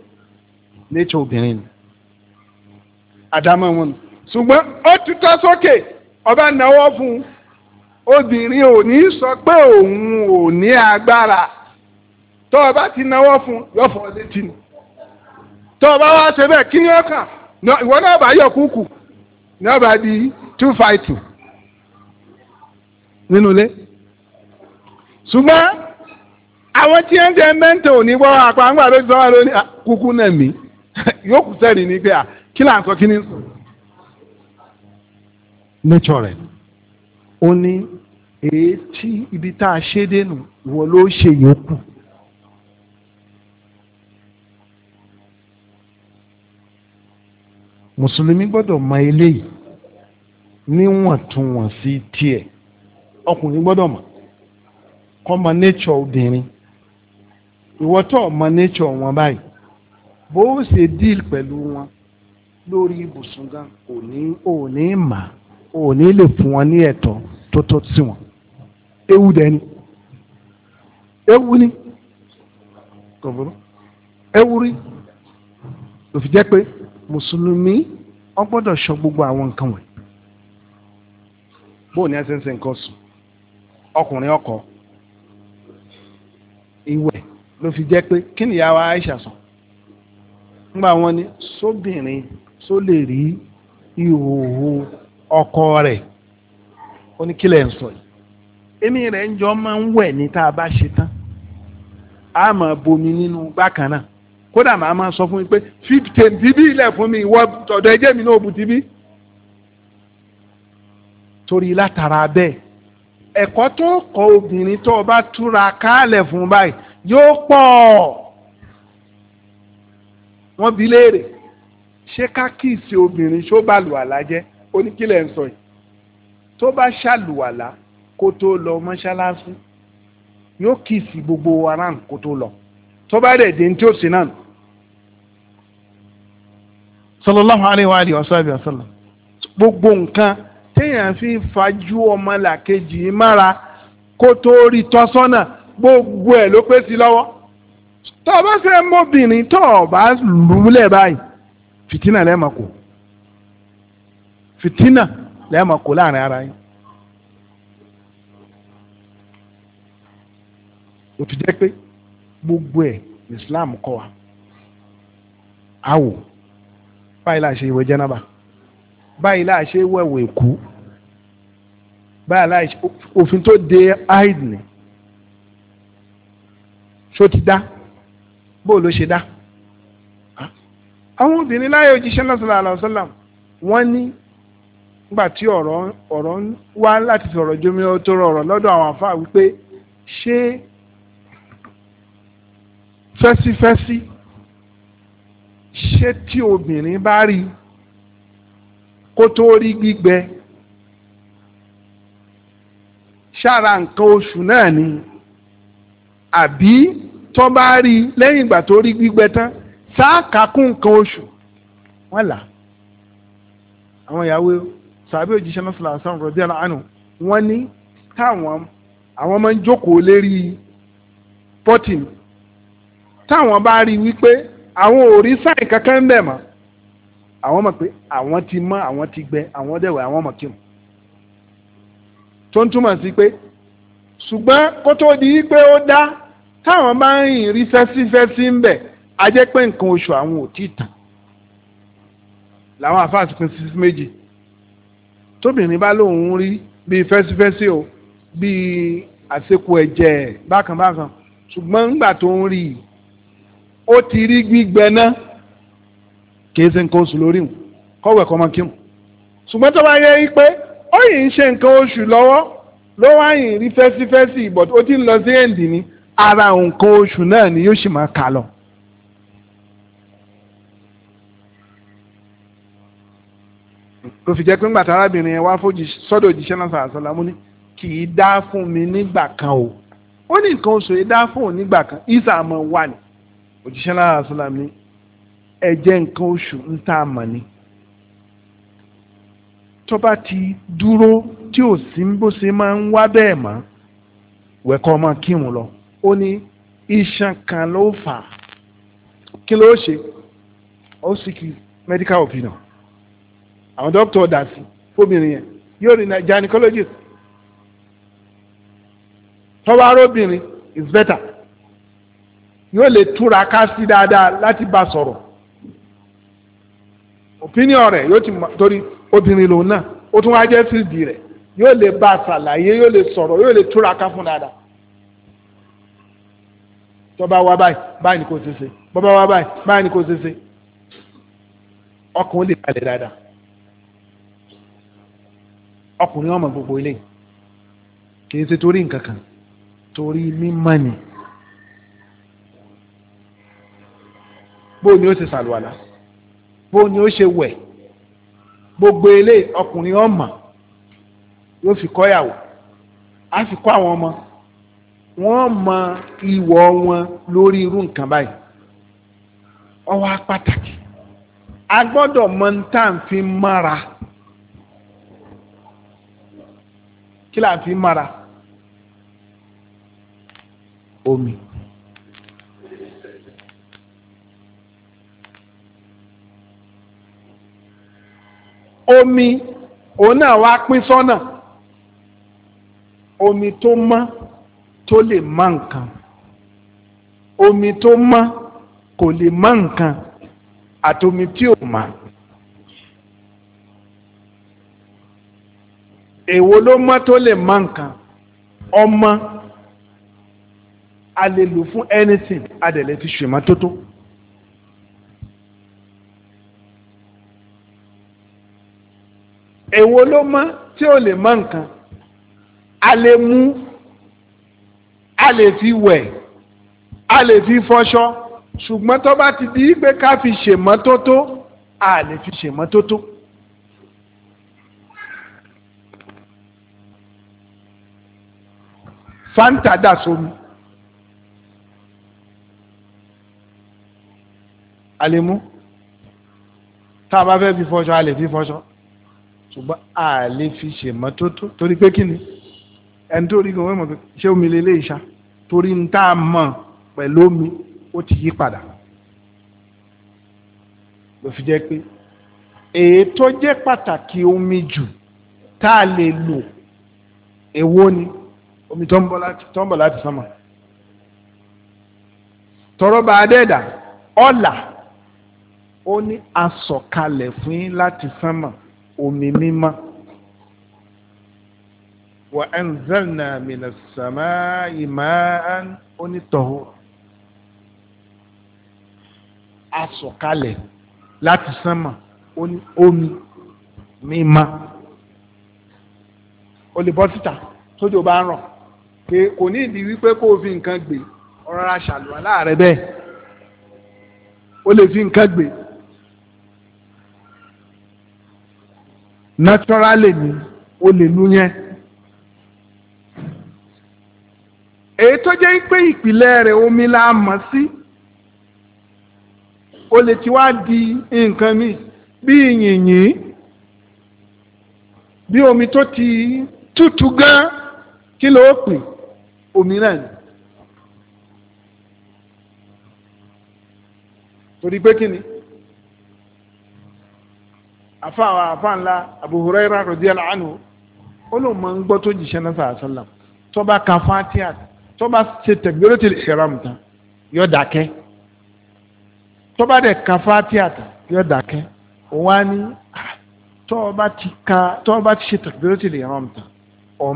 nature obìnrin ni àdámọ́ ṣùgbọ́n ó tutọ́ obìnrin ò sọ pé òun ò ní agbára tó o ti náwó fún yọ̀fọ̀ létí ni tó o bá wá ṣe bẹ́ẹ̀ kí ni ó kàn ìwọ yọ kúkú ní ọba di two five two nínú ilé ṣùgbọ́n àwọn tí ń jẹ mẹ́ńtò ní gbọ́ àpáǹgbà ló ti lórí kúkú náà <laughs> yóò kù ní pé kí là ó ní ibi tá a ṣe dénú ìwọ ló ṣe yòókù. mùsùlùmí gbọ́dọ̀ mọ eléyìí níwọ̀ntúnwọ̀nsí tiẹ̀ ọkùnrin gbọ́dọ̀ mọ̀ kọ́ mọ nature obìnrin ìwọ mọ nature wọn báyìí bó ṣe pẹ̀lú wọn lórí ibùsùn gan òní òní ò ní lè fún wọn ní ẹ̀tọ́ tó sí wọn ewu dẹni ewu ni ewu rí òfin jẹ́ pé mùsùlùmí ọ gbọdọ sọ gbogbo àwọn nǹkan wọ̀nyí bóun ni ẹ ń nǹkan sùn ọkùnrin ọkọ iwe ló fi jẹ́ pé kí ni Mgbe wa Aisha sọ nígbà wọn ni sóbìnrin só lè rí ìhòòhò ọkọ rẹ, ó ní kílẹ̀ ń sọ yìí èmi rẹ̀ ń jọ máa ń wẹ̀ a bá bomi nínú bákan náà kódà màá máa sọ fún mi pé fìtẹ̀ǹtì ilẹ̀ fún mi ìwọ tọ̀dọ̀ ẹjẹ́ mi náà bùtí torí látara bẹ́ẹ̀ ẹ̀kọ́ tó kọ obìnrin tó o bá túra káàlẹ̀ fún báyìí yóò pọ̀ wọ́n bi léèrè ṣé ká obìnrin ṣó oníkílẹ̀ ń sọ yìí tó bá ṣàlùwàlá kó tó lọ mọ́ṣáláṣí yóò kìsì gbogbo aran kó tó lọ tó bá dẹ̀ dé tí ó sì náà. sallallahu alayhi wa alihi wa sahbihi wa sallam. gbogbo nǹkan téèyàn fi fajú ọmọlàkejì mára kó tó rí tọ́sọ́nà gbogbo ẹ̀ ló pé lọ́wọ́ tó bá fẹ́ mọ́bìnrin tó o bá lùlẹ̀ báyìí fìtínà lẹ́ẹ̀mọ́ kò fìtínà lẹ́ẹ̀mọ kó láàrin ara yín. òtù jẹ́ pé gbogbo ẹ̀ Islam kọ́ wa awò báyìí láà ṣe ìwé jẹ́nàbà báyìí láà ṣe wẹ̀wẹ̀ kú báyìí láà ṣe òfin tó de aid ni ṣó ti dá bóò ló ṣe dá àwọn obìnrin láyé òjíṣẹ́ náà sallallahu alaihi wasallam wọ́n ní nígbà tí ọ̀rọ̀ ọ̀rọ̀ ń wá láti sọ̀rọ̀ jómi tó rọrọ̀ lọ́dọ̀ àwọn àfáà wípé ṣé fẹ́sífẹ́sí ṣé tí obìnrin bá rí kó tó rí gbígbẹ ṣára nǹkan oṣù náà ni àbí tó bá rí lẹ́yìn ìgbà tó rí gbígbẹ tán sáà kàkún nǹkan oṣù wọ́n là àwọn ìyàwó sàbí òjíṣẹ́ náà sọ̀rọ̀ àṣà ọ̀rọ̀ díẹ̀ láàánú wọ́n ní táwọn àwọn máa ń jókòó lérí pọ́tìn táwọn bá rí wípé àwọn ò rí sáì kankan ń bẹ̀ mọ́ àwọn mọ̀ pé àwọn ti mọ́ àwọn ti gbẹ àwọn dẹ̀wẹ̀ àwọn mọ̀ kírun tó ń túmọ̀ sí pé ṣùgbọ́n kó tó di wípé ó dá táwọn bá ń rìn rí fẹ́sífẹ́sí ń bẹ̀ a pé nǹkan oṣù àwọn ò tí ì tàn làwọn àfáà ti pín sí méjì tóbìnrin bá lóun rí bíi fẹsifẹsi o bíi àsekù ẹ̀jẹ̀ bákanbákan ṣùgbọ́n ńgbà tó ń rí i ó ti rí gbígbẹ náà kìí ṣe nǹkan oṣù lórí wọn kọ́wé kọ́ máa kírun ṣùgbọ́n tó bá yẹ yí pé ó yìí ń ṣe nǹkan oṣù lọ́wọ́ ló wá yìí rí fẹsifẹsi ìbọ̀tí ó ti ń lọ sí ẹ̀ǹdì ni ara nǹkan oṣù náà ni yóò ṣì máa kà lọ. ló fi jẹ́ pé ńgbà tárábìnrin yẹn wá fòjì sọ́dọ̀ òjíṣẹ́ náà sàásọ́lá dá fún mi nígbà kan o ó ní nǹkan oṣù yìí dá fún òun nígbà kan isa mọ̀ wà ní òjíṣẹ́ náà sàásọ́lá ní ẹ̀jẹ̀ nǹkan oṣù ń tà ni Tọ́ba ti dúró tí ò sí bó máa ń wá bẹ́ẹ̀ mọ́ wẹ̀kọ́ ọmọ kírun lọ ó ní iṣan kan ló fà kí medical opinion. àwọn dókítà ọ̀dà sí fóbìnrin yẹn yóò rí náà gynecologist tọ́wọ́ arọ́bìnrin is better yóò lè túra ká sí dáadáa láti bá sọ̀rọ̀ opinion rẹ̀ yóò ti mọ̀ torí obìnrin lòun náà ó tún wá jẹ́ fíìdì rẹ̀ yóò lè bá a ṣàlàyé yóò lè sọ̀rọ̀ yóò lè túra ká fún dáadáa tọ́ba wá báyìí báyìí ni kò ṣe ṣe bọ́ba wá báyìí báyìí ni kò ṣe ṣe ọkàn ó lè balẹ̀ dáadáa. ọkùnrin ọmọ gbogbo ilé kì í ṣe torí nǹkan kan torí mímọ́ ni bó ni ó ṣe ṣàlùwàlà bó ni ó ṣe wẹ̀ gbogbo ilé ọkùnrin ọmọ yóò fi kọ́ yàwó á fi kọ́ àwọn ọmọ wọ́n mọ ìwọ̀ wọn lórí irú nǹkan báyìí iru wà pàtàkì a gbọ́dọ̀ mọ ní tá à ń fi mọ́ra. kí là fi mara omi. omi òun náà wá pín sọ́nà omi tó mọ́ tó lè má nǹkan omi tó mọ́ kò lè má nǹkan àtomi tí ò máa. èwo ló mọ́ tó lè má nǹkan ọmọ a lè lò fún anything a dẹ̀ lè fi ṣèmọ́ tótó. èwo ló mọ́ tí ò lè má nǹkan a lè mú a lè fi wẹ̀ a lè fi fọṣọ ṣùgbọ́n tó bá ti di pé ká fi ṣèmọ́tótó a lè fi ṣèmọ́tótó. fanta dà sómi àlèmú tá a bá fẹ́ fi fọṣọ a lè fi fọṣọ ṣùgbọ́n a lè fi ṣèmọ́tótó torí pé kí ni ẹni tó rí gan-an wọ́n mọ̀ pé ṣé omi lè lè ṣá torí ń tá a mọ̀ pẹ̀lú omi ó ti yí padà ló fi jẹ́ pé èyí jẹ́ pàtàkì omi jù tá a lè lò èwo ni omi tó ń bọ̀ láti sánmà tọrọ bá adẹ́ẹ̀dà ọ̀là ó ní asọ̀kalẹ̀ fún yín láti sánmà omi mímọ́ wa anzalna minas samaa'i ma'an onítọ̀hó asọ̀kalẹ̀ láti sánmà omi mímọ́ olùbọ́sítà tójò bá ń rọ̀ pé kò ní ìdí wípé kó o fi nǹkan gbé ọ̀rọ̀ aṣàlùwà láàrẹ bẹ́ẹ̀ o lè fi nǹkan gbé naturally ni o lè nu yẹn èyí tó jẹ́ pé ìpìlẹ̀ rẹ̀ omi la mọ̀ sí o lè ti wá di nǹkan mi bí yìnyín bí omi tó ti tútù gan kí ló pè é omi náà ni. torí pé kíni àfáàwà àfáànlá Abu Hurairah radiyallahu anhu ó lóun máa ń gbọ́ tó jìṣẹ́ náà sàásánlá tó bá ka fatia tó bá ṣe tẹ̀gbẹ́rẹ́tì ìṣẹ́ram tán yóò dákẹ́ tó bá dẹ̀ ka fatia tán yóò dákẹ́ òun ní ah, tó bá ti ṣe tẹ̀gbẹ́rẹ́tì ìṣẹ́ram tán ó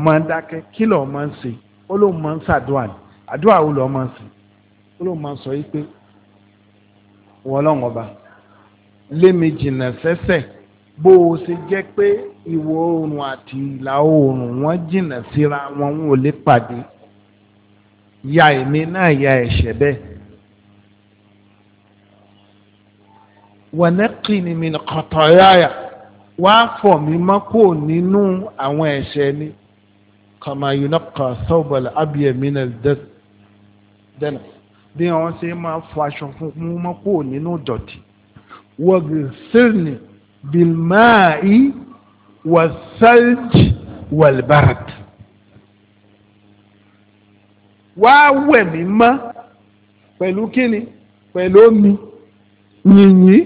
kí ló máa ń ṣe ó lóun máa ń ṣàdúrà ní àdúrà wo lọ́ọ́ máa ń sìn ó lóun máa ń sọ yìí pé wọ́n lọ́wọ́n ọba lémi jìnnà sẹ́sẹ̀ bó o ṣe jẹ́ pé ìwọ̀ oòrùn àti ìlà oòrùn wọ́n jìnnà síra wọn wọn ò lè pàdé ya èmi náà ya ẹ̀ṣẹ̀ bẹ́ẹ̀. wọ̀nẹ́kì ni mi kọ̀tọ̀ yáyà wá fọ̀ mí mọ́ kó nínú àwọn ẹ̀ṣẹ̀ ni kama yunaka thawbal abyad min al-dana bí wọ́n ṣe máa fọ aṣọ funfun mọ́ kó nínú ìdọ̀tí wagsilni bilma'i wasalj walbarad wá wẹ̀ mọ́ pẹ̀lú kíni pẹ̀lú omi yìnyín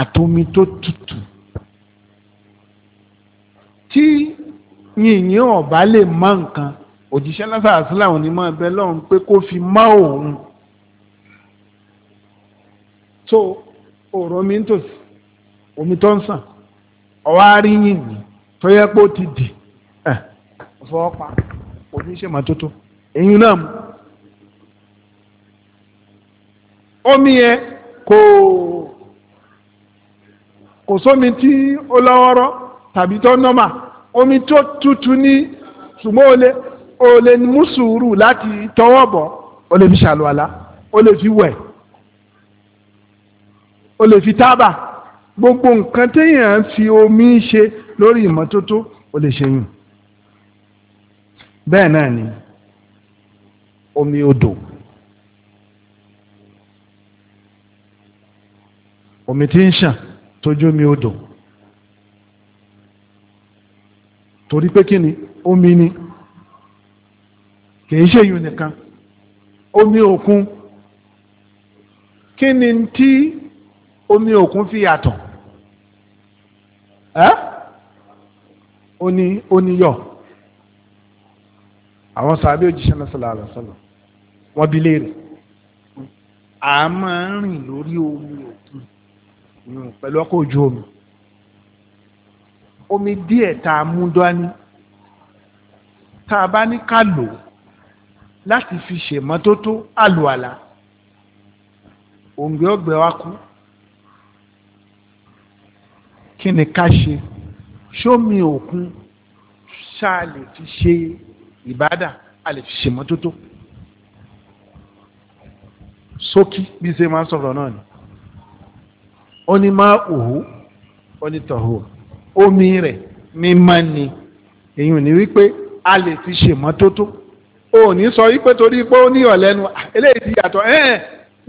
àtomi tó tutù tí yìnyín ọ̀bá lè mọ nǹkan òjíṣẹ́ lásà àsìláwọn onímọ̀ ẹ̀bẹ̀ lọ́run pé kó fi mọ́ òun tó ọ̀rọ̀ mi ń tòsí omi tó ń sàn ọwọ́ arí yìnyín tó yẹ pé ó ti dì ẹ̀ fọwọ́ pa oníṣẹ́ màtótó èyí náà mú omi yẹn kò kò sómi tí ó lọ́wọ́rọ́ tàbí tó nọ́mà omi tó tutù ní ṣùgbọ́n o lè o lè mú sùúrù láti tọwọ́ bọ̀ o lè fi ṣàlùwàlá o lè fi wẹ̀ o lè fi tábà gbogbo nǹkan téèyàn fi omi ṣe lórí ìmọ́tótó o lè ṣe yùn bẹ́ẹ̀ náà ni omi odò omi tí ń ṣàn tójú omi odò. torí pé kí ni omi ni kìí ṣe yìí nìkan omi òkun kí ni tí omi òkun fi yàtọ̀ ẹ́ oní oníyọ̀ àwọn sàbí òjíṣẹ́ náà sallallahu alaihi wasallam wọ́n bi léèrè a máa ń rìn lórí omi òkun pẹ̀lú ọkọ̀ ojú omi omi díẹ̀ tá a mú dání tá a bá ní ká lò láti fi ṣèmọ́tótó àlùwàlà òǹgbẹ ọgbẹ wa kú kí ni ká ṣe sómi òkun ṣáà lè fi ṣe ìbádà a lè fi ṣèmọ́tótó sókí bí ṣe máa ń sọ̀rọ̀ náà ni ó ní máa òhù ó ní tọ̀hùrù. omi rẹ̀ mímọ́ ni èyí ò ní wípé a lè fi ṣèmọ́tótó o ní sọ wípé torí pé ó ní ọ̀lẹ́nu eléyìí ti yàtọ̀ ẹ̀ẹ́n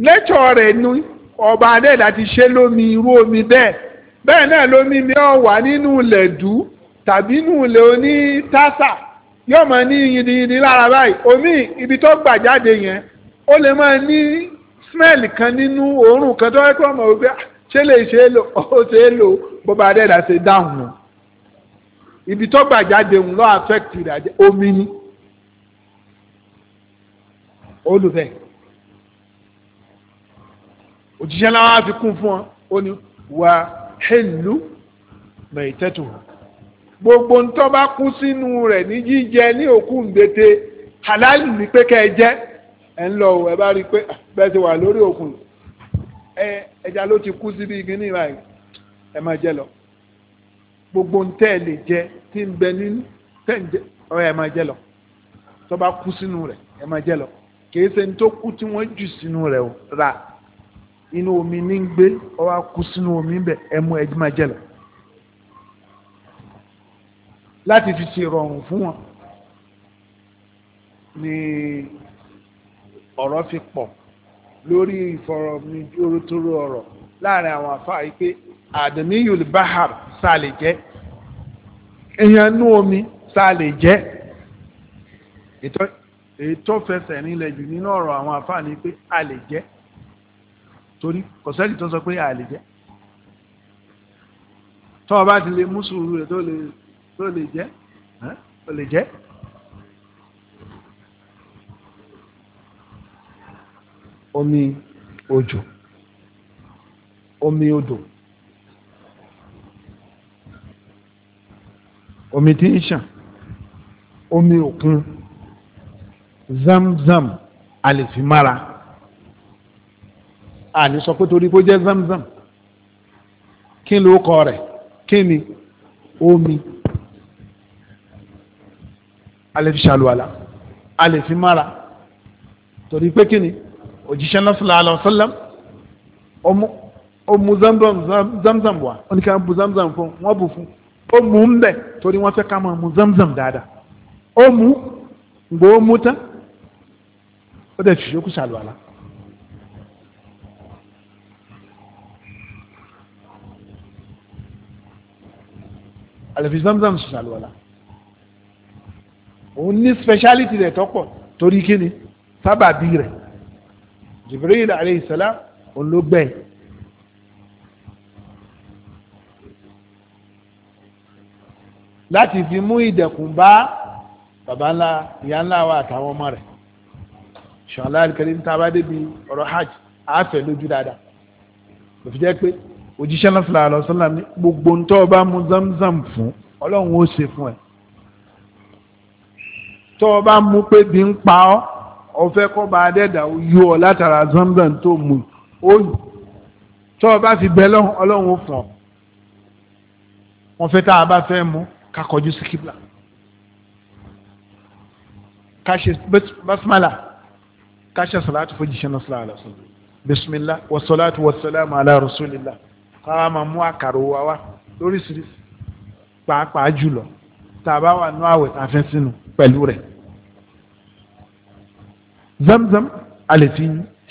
nature rẹ̀ ni ọba adẹ́ẹ̀dá ti ṣe lómi irú omi bẹ́ẹ̀ bẹ́ẹ̀ náà lómi mi ọ̀ wà nínú tàbí nínú oní tásà yóò máa ní omi ibi tó gbà yẹn ó lè máa ní smell kan nínú òórùn kan tó ṣé lè ṣe é lò <laughs> ó ṣe é lò bó ba dẹ́ẹ̀dá ṣe dáhùn nù ibi tó gbàjáde ń lọ affect ìdájẹ́ omi ni olùfẹ́ òjíṣẹ́ láwọn á fi kún fún ọ ó ní wà hélù mẹ̀tẹ́tù gbogbo ń tọ́ bá kú sínú rẹ̀ ní jíjẹ ní òkú ńgbete halal ní pé kẹ́ ẹ jẹ́ ẹ̀ ń lọ ẹ bá rí i pé ah, bẹ́ẹ̀ ti wà lórí òkun yìí ẹja ló ti kú síbi gíní báyìí ẹ máa jẹ lọ gbogbo ntẹ́ ẹ lè jẹ tí ń bẹ ní tẹ́ ẹ máa jẹ lọ tó bá kú sínú rẹ̀ ẹ máa jẹ lọ kìí ṣe ní tó kú tí wọ́n jù sínú rẹ̀ rà inú omi ní ń gbé ó wá kú sínú omi bẹ̀ ẹ mú ẹ máa jẹ lọ láti fi ṣe rọrùn fún wọn ni ọ̀rọ̀ fi pọ̀ lórí ìfọ̀rọ̀ mi torotoro ọ̀rọ̀ láàrin àwọn àfa yìí pé àdàmí yul bahar sá lè jẹ́ èèyàn nú omi sá lè jẹ́ èyí tó fẹsẹ̀ nílẹ̀ jù nínú ọ̀rọ̀ àwọn àfa ni pé a lè jẹ́ torí kọ̀sẹ́lì tó sọ pé a lè jẹ́ tọ́ bá ti lè mú sùúrù rẹ̀ tó lè jẹ́. omi òjò omi odò omi tí ń ṣàn omi òkun zamzam àlèfímára àní sọ pé torí kó jẹ́ zamzam kí ló kọ rẹ̀ kí ni omi àlèfíṣàlùwàlà àlèfímára torí pé kí ni òjíṣẹ́ náà sallallahu alaihi wasallam ó mu zamzam wá ó ní ká bu zamzam fún wọ́n bu fún ó mu ń bẹ̀ torí wọ́n fẹ́ ká máa mu zamzam dáadáa O mu gbò ó mu tán ó dẹ̀ ṣùṣe kú ṣàlùwàlá. àlèfi zamzam ṣàlùwàlá òun ní speciality rẹ̀ tọ́pọ̀ torí kíni sábàbí rẹ̀ jibril alayhi salam òun ló gbẹ. láti fi mú ìdẹ̀kùn bá bàbá ńlá ìyá ńlá wa àtàwọn ọmọ rẹ̀ ṣọlá alikẹ́lẹ́ níta bá débi ọ̀rọ̀ hajj àáfẹ́ lójú dáadáa kò fi jẹ́ pé òjíṣẹ́ náà fìlà àlọ́ sọ́lá ní gbogbo ń tọ́ ọ bá mu zamzam fún ọlọ́run ó ṣe fún ẹ tọ́ ọ bá mu pé bí ń pa ọ́ ọ̀fẹ́ kọ́ bá adẹ́dà yọ ọ látara zamzam tó mú ó tọ́ ọ bá fi bẹ́ ọlọ́run fún ọ wọ́n fẹ́ tá a bá fẹ́ mú ká sí kíbla ká basmala ká salatu fún jíṣẹ́ náà sallallahu alaihi wasallam bismillah wa salatu wa salamu ala rasulillah ká máa mú àkàrò wa wá lóríṣiríṣi pàápàá jùlọ tá a bá wà nú àwẹ̀ tá sínú pẹ̀lú rẹ̀ zamzam alẹ́ fi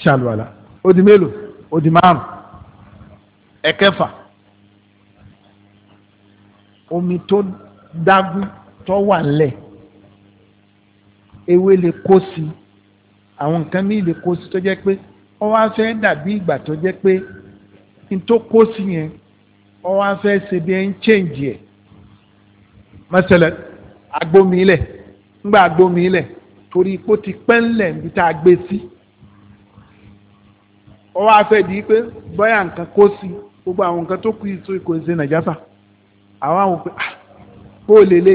ṣàlùwàlà ó di mélòó ó di márùn ẹ̀kẹfà omi tó dágún tó wà ńlẹ̀ ewé lè kó sí àwọn nǹkan míì lè kó sí tó jẹ́ pé ó wá fẹ́ dàbí ìgbà tó jẹ́ pé n kó sí yẹn ó wá fẹ́ ṣe bí ẹ ń chẹ́ǹjì ẹ̀ mọ́sálẹ̀ agbómi ilẹ̀ ńgbà agbómi ilẹ̀ torí ipò ti pẹ́ńlẹ̀ níbi tá a gbé sí ó wá fẹ́ di pé bóyá nǹkan kó sí gbogbo àwọn nǹkan tó kù ìtú ìkò ìṣe nàìjásà àwọn àwọn pé kó o lè lè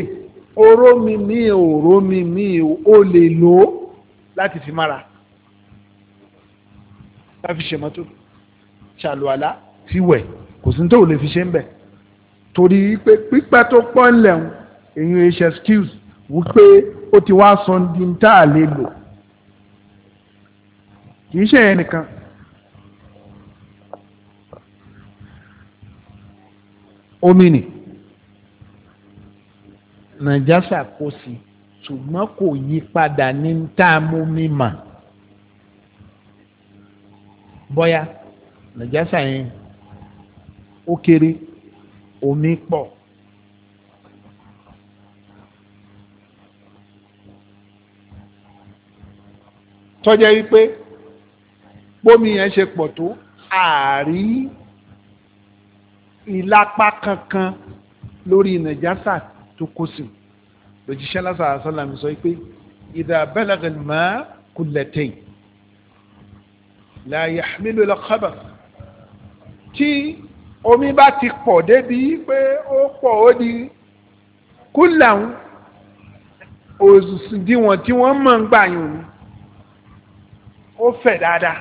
oró mi mi òró mi mi ò lè lò ó láti fi mára láti ṣe mọ́tò ṣàlùwàlá fi wẹ̀ kò sí tó lè fi ṣe ń bẹ̀ torí pé pípẹ́ tó pọ́ńlẹ̀ ń èyí ò ṣe excuse wípé ó ti wá sọ di ń tà lè lò kì í ṣe ẹ nìkan. omi nì nàìjásà kò ṣùgbọ́n kò yí padà ní tá a mú mi mà bọ́yá nàìjásà yẹn ó kéré omi pọ̀ tọ́jẹ́ wípé bómi yẹn ṣe pọ̀ tó ààrí ìlápá kankan lórí nàìjásà tó kó sí lójíṣẹ́ lásán àṣọlá mi sọ pé ìdá abẹ́lẹ́gàn máa kulẹ̀tẹ̀yìn la yahmilu al-khabath tí omi bá ti pọ̀ débi pé ó pọ̀ ó di kúlà òsùn díwọ̀n tí wọ́n mọ̀ ń gbà yùn ni. ó fẹ̀ dáadáa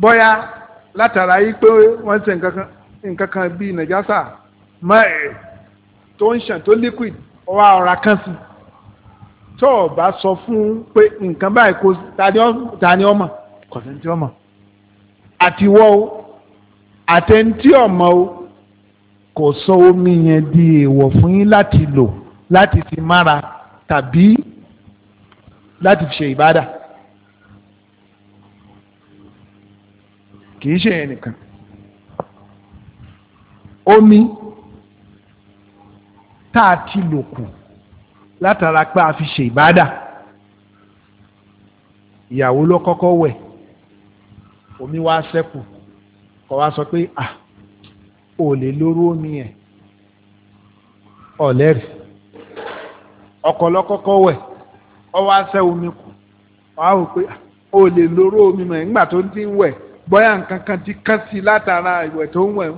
bóyá látara yìí pé wọ́n ṣe nǹkan kan bíi nàìjásà e to tó ń ṣàn tó liquid ọwọ́ ọ̀rá kan sí tó o bá sọ fún un pé nǹkan báyìí kò ta ni ọmọ kọ̀sẹ̀ntì ọmọ àtiwọ́ o àtẹ̀ntì ọmọ o kò sọ omi yẹn di èèwọ̀ fún yín láti lò láti fi mára tàbí. láti fi ṣe ìbádà í ṣe ẹnìkan omi taa ti lò latara látara pé a fi ṣe ìbádà ìyàwó ló kọ́kọ́ wẹ̀ omi wá sẹ́kù kọ́ wá sọ pé a. Ah, ò lè lóró omi yẹn ọ̀lẹ́rì ọkọ ló wẹ̀. ọwọ́ aṣẹ́ omi kù wàá wò pé ah, o lè lóró omi mọ̀ nígbà tó ti ń wẹ̀ bóyá nǹkan ti kán sí látara ìwẹ̀ tó ń wẹ̀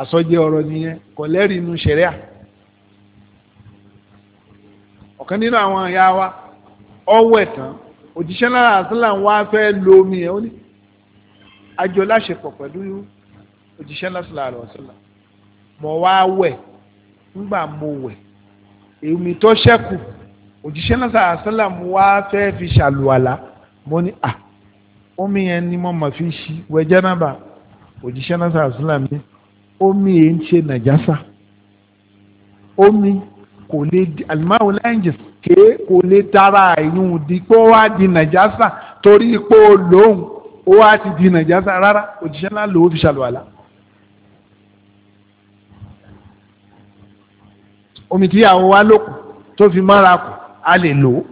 àsọjẹ ọ̀rọ̀ nìyẹn kò lẹ́rìí inú ṣẹ̀ríà ọ̀kan nínú àwọn ìyá wa ọwọ́ ẹ̀tàn òjíṣẹ́ lára àtúnlá wa fẹ́ lo omi ẹ̀ ó ní àjọ láṣepọ̀ pẹ̀lú òjíṣẹ́ lásìlá rẹ̀ ọ̀sìlá mọ̀ wá wẹ̀ nígbà mo wẹ̀ èmi tó ṣẹ́kù òjíṣẹ́ náà sàrà sálàm wá fẹ́ fi ṣàlùwàlà mo ní à omi yẹn ni mo mọ̀ fi ṣí wẹ̀ jẹ́nàbà òjíṣẹ́ náà sàrà sálàm ní omi yẹn ń ṣe nàjásà omi kò lè di àlùmáwò lẹ́yìn ké kò lè tara àìyún dípò wá di nàjásà torí pé ó lóhùn ó wá ti di nàjásà rárá òjíṣẹ́ náà lòó fi ṣàlùwàlà. omi tíyàwó wa lókun tó fi mára kù a lè lò ó.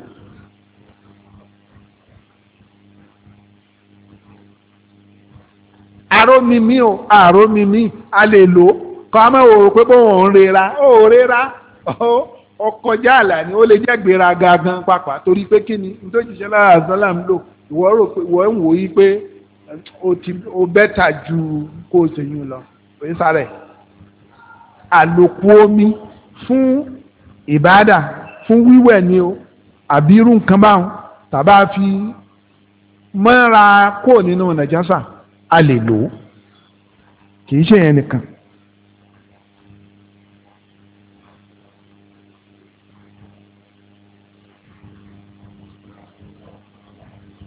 àrómimi o àrómimi a lè lò kọ́ a máa pé bó ń rera ó rera ọkọjá àlà ni ó lè jẹ́ gbéraga gan pàpà torí pé kí ni nítorí jíṣẹ́ lára àzọ́là ń lò ìwọ rò pé ń wò yí pé eh, o bẹ́ta ju kó o ṣèyún lọ òye sáré àlòkù omi fún ìbádà fún wíwẹ̀ ni o àbí irú nǹkan báwọn tàbá fi mọ́ra kó nínú nàjásà a lè lò ó kì í ṣe yẹn nìkan.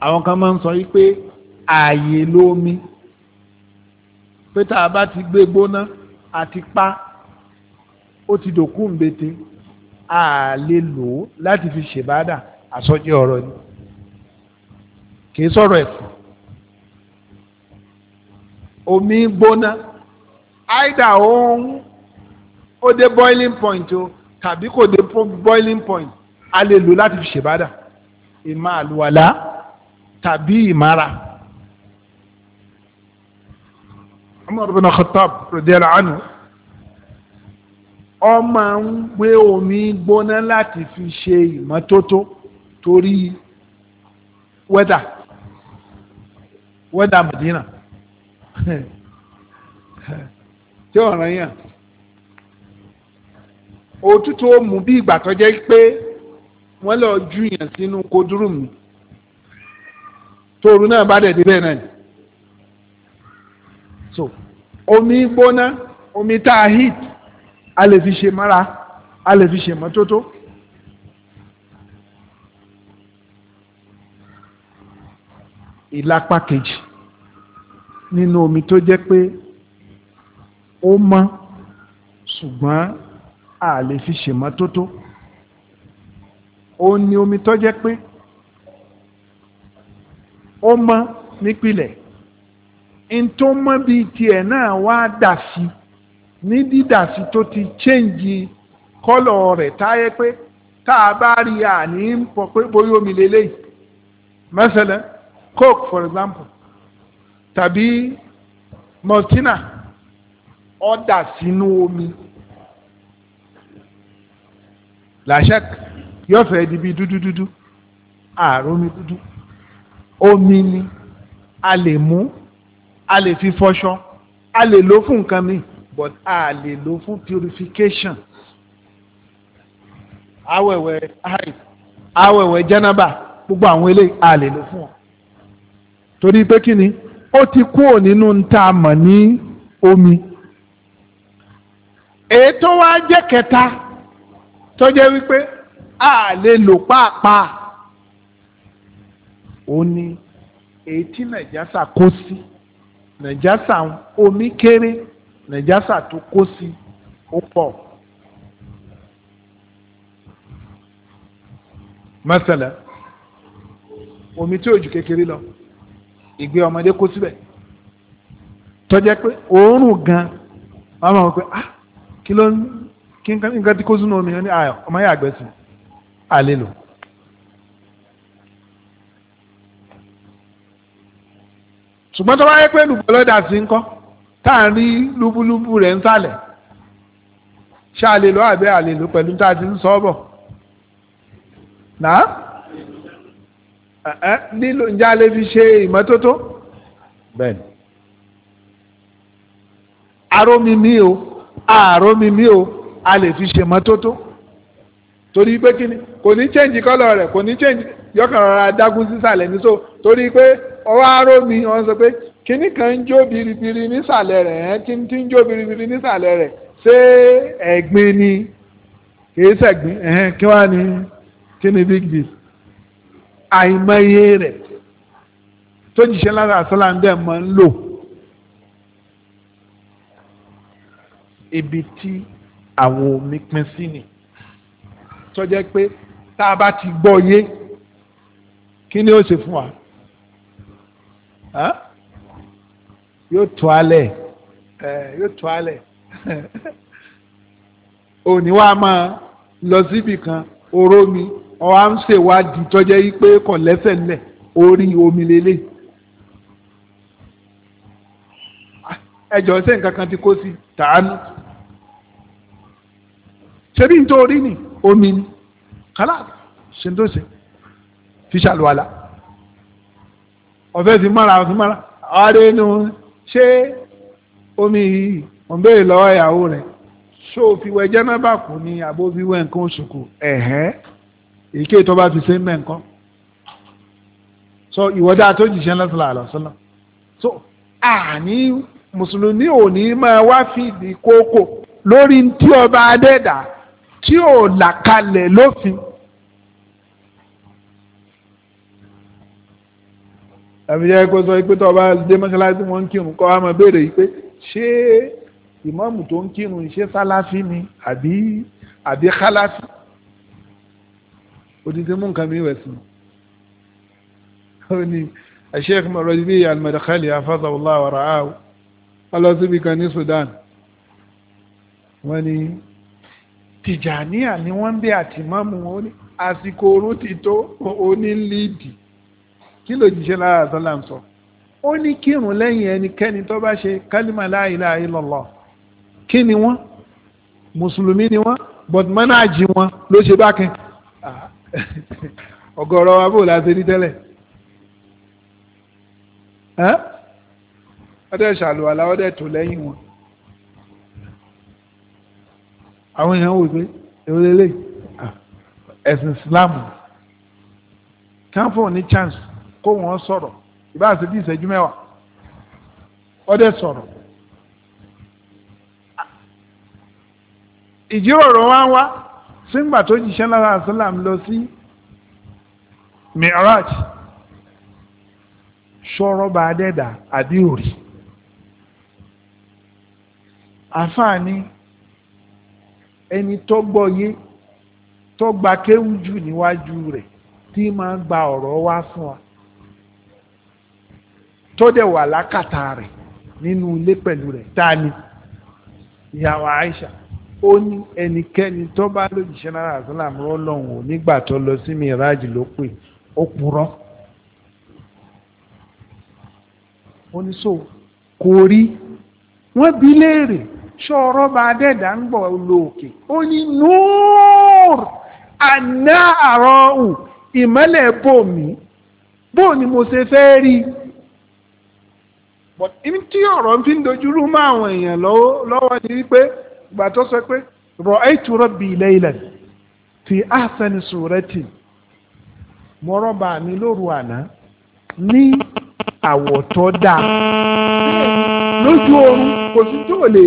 àwọn kan máa ń sọ yí pé ààyè lómi pé tá a bá ti gbé gbóná àti pa ó ti dòkú ńbete a lè lò ó láti fi ṣèbádà àsọjí ọ̀rọ̀ ni kì í sọ̀rọ̀ ẹ̀sìn omi gbóná áìdà òun ó dé boiling point o tàbí kò dé boiling point a lè lò láti fi ṣèbádà ìmọ̀ àlùwàlá tàbí ìmára. Umar bin Khattab radiyallahu anhu ọ máa ń gbé omi gbóná láti fi ṣe ìmọ́tótó torí wẹ́dà wẹ́dà Mẹ̀dínà tí ọ̀ràn yàn òtútù ó mú bí ìgbà tó jẹ́ pé wọ́n lọ ju yàn sínú kodúrúmù tóoru náà bá dẹ̀ débẹ̀ náà so omi gbóná omi tá a heat a lè fi ṣe mọ́ra a lè fi ṣe mọ́tótó. ìlápá kejì nínú omi tó jẹ́ pé ó mọ́ ṣùgbọ́n a lè fi ṣe mọ́tótó ó ní omi tó jẹ́ pé ó mọ́ nípìlẹ̀ n tó mọ́ bíi tiẹ̀ náà wá dà sí ní dídàsí tó ti chẹ́ǹgì kọ́lọ̀ rẹ̀ táyé pé tá a bá rí a ní pọ̀ pé bóyá omi lélẹ́yìí mẹ́sẹ̀lẹ̀ coke for example tàbí maltina ọ̀dà sínú omi làṣẹk yóò fẹ́ di bí dúdú dúdú ààrùn omi dúdú omi ni a lè mú a lè fi fọṣọ a lè lò fún nǹkan míì but a lè lò fún purification awẹ̀wẹ̀ haid awẹ̀wẹ̀ jẹ́nàbà gbogbo àwọn eléyìí a lè lò fún ọ torí pé kí ni ó ti kúrò nínú ta mọ̀ ní omi èyí wa wá jẹ́ kẹta tó jẹ́ wípé a lè lò pàápàá ó ní èyí tí nàìjásà kó sí nàìjásà omi kéré nàìjásà tó kó sí ó pọ̀. mọ́sálà omi tí òjò kékeré lọ ìgbé ọmọdé kó síbẹ̀ tọ́jẹ́ pé òórùn gan wọ́n máa wọ pé ah kí ló ń kí nǹkan tí kó sínú omi ní ayọ̀ ọmọ yà àgbẹ̀ sí àlè lò. ṣùgbọ́n tó bá yẹ pé lùgbọ́ sí ń kọ́. tá à ń rí lúbúlúbú rẹ̀ ń sàlẹ̀ ṣé a àbẹ́ a lè lọ pẹ̀lú tá a ti ń sọ bọ̀ náà nílò ǹjẹ́ fi ṣe ìmọ́tótó bẹ́ẹ̀ni arómimi o arómimi o a lè fi ṣe mọ́tótó torí pé kí ni kò ní chẹ́ǹjì kọ́lọ̀ rẹ̀ kò ní chẹ́ǹjì yọkàn rárá sísàlẹ̀ ní so torí pé ọwọ́ arómi wọ́n sọ pé Kini kan ń jó biribiri nísàlẹ̀ rẹ̀ ẹ́ tí ń tí ń jó biribiri nísàlẹ̀ rẹ̀ ṣé ẹ̀gbin ni kìí ṣẹ̀gbin ẹ̀hẹ́n kí wàá ní kíní big deal àìmọye rẹ̀ tó jíṣẹ́ lára àṣọlá ń dẹ̀ mọ́ ń lò ibi tí àwọn omi pín sí ni tó jẹ́ pé tá a bá ti gbọ́ yé kí ni ó ṣe fún wa yóò tó alẹ̀ yóò tó alẹ̀ <laughs> òní wa máa lọ síbì kan oró mi ọwọ́ à ń ṣèwádìí tọ́jẹ́ yí pé kò lẹ́sẹ̀ ńlẹ̀ orí omi lélẹ̀ ẹjọ́ sẹ́ nǹkan kan ti kó sí tàánú ṣebí ń tó orí ni omi ni kálá ṣe ń tó ṣe fi ṣàlùwàlà ọ̀fẹ́ ti mọ́ra ọ̀fẹ́ mọ́ra ọ̀rẹ́ inú ṣé omi yìí ò ń béèrè lọ́wọ́ ìyàwó rẹ̀ ṣó o fi wẹ jẹ́nẹ́bà kù ni àbó fi nǹkan oṣù kù ẹ̀hẹ́ èké tó bá fi ṣe ń bẹ̀ nǹkan so ìwọ́dà tó jìṣẹ́ lọ́sọ̀lá àlọ́sọ́lá so àní mùsùlùmí ò ní máa wá fìdí kókò lórí tí ọba adẹ́dà tí ò là lófin. àbíjá kó sọ pé tó bá dé mọ́ṣáláṣí wọn ń kírun kọ́ àmọ́ béèrè yìí pé ṣé ìmáàmù tó ń kírun ṣé sálàfí ni àbí àbí kálàfí odidi mú nǹkan mi wẹ̀ sí i ni Sheikh Muradibi al-Madkhali afazawullah wa ra'ahu ọlọ́sibí kan ní Sudan wọ́n ní Tijaniya ni wọ́n ń bẹ àtìmọ́mù àsìkò oró ti tó onílíìdì kí ló jíṣẹ́ lára àtọ́là ń sọ ó ní kírun lẹ́yìn ẹnikẹ́ni tó bá ṣe kálímà la ilaha illallah kí ni wọ́n mùsùlùmí ni wọ́n but mọ́náàjì wọn ló ṣe bákin ah, <laughs> ọ̀gọ̀rọ̀ wa bò láti rí tẹ́lẹ̀ ọdẹ ṣàlùwàlà ọdẹ tó lẹ́yìn wọn àwọn èèyàn wò pé èrò lélẹ̀ ah, ẹ̀sìn Islam káfọ́ ní chance kó wọn sọ̀rọ̀ ìbáà bí ọdẹ ìjíròrò wá ń wá tó jíṣẹ́ lára àṣálàm lọ sí mi'raj ṣọ́rọ́ bá dẹ́dà àbí òrì àfáàní ẹni tó gbọ́yé tó gba kéwú níwájú rẹ̀ gba ọ̀rọ̀ wá fún tó dẹ̀ wà lákàtà rẹ̀ nínú ilé pẹ̀lú rẹ̀ ta ni ìyàwó Aisha ó ní ẹnikẹ́ni tó bá lòdì sẹ́nára àsálàm rọ́lọ́hùn ò nígbà tó lọ sí mìíràjì ló pè ó purọ́ ó kò rí wọ́n bi léèrè ṣọ́ọ̀rọ̀ bá dẹ́dà ń gbọ̀ lọ òkè ó ní nùúr àná àrọ̀ ọ̀hún ìmọ́lẹ̀ bò mí bò ní mo ṣe fẹ́ rí i. but tí ọ̀rọ̀ fi ń dojúrú mọ́ àwọn èèyàn lọ́wọ́ ni wípé ìgbà tó sọ pé fi ahsani surati mo rọ́bà ní lóru àná ní àwọ̀tọ́ dáa lójú oorun kò sí tó lè